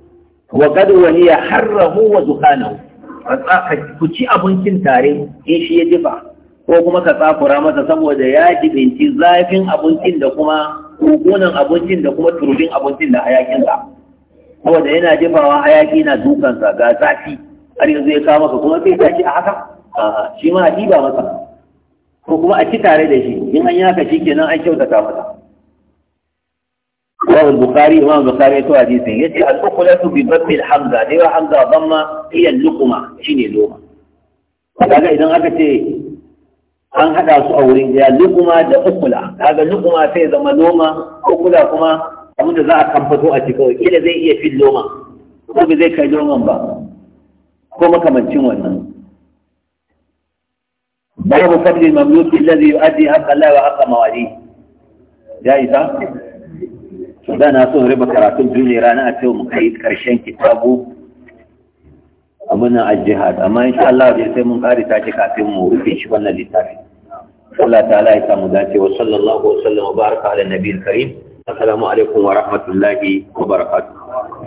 wa qad ya harrahu wa ku ci abincin tare in shi ya jifa ko kuma ka tsakura masa saboda ya jibinci zafin abincin da kuma kukunan abincin da kuma turbin abincin da hayakinsa saboda yana jifawa hayaki na dukansa ga zafi har yanzu ya kawo maka kuma sai ta a haka shi ma a masa ko kuma a ci tare da shi in an yi haka shi kenan an kyautata masa رواه البخاري امام البخاري تو حديث يتي الاخلة hamza الحمزة دي حمزة ضمة هي اللقمة شيني لومة kaga idan aka ce an haɗa su a wurin da lukuma da ukula kaga lukuma sai zama loma ukula kuma abin da za a kamfato a cikin kila zai iya fin loma ko ba zai kai loman ba ko makamancin wannan babu fadlil mamluki alladhi yu'addi haqqa Allah wa haqqa mawalih ya isa da na son raba karatun duniya rana a cewa mu karshen kitabu abin al-jihad amma insha Allah dai sai mun kari ta ce kafin mu rufe shi wannan littafi Allah mu ya samu dace wa wa karim assalamu alaikum wa rahmatullahi wa barakatu.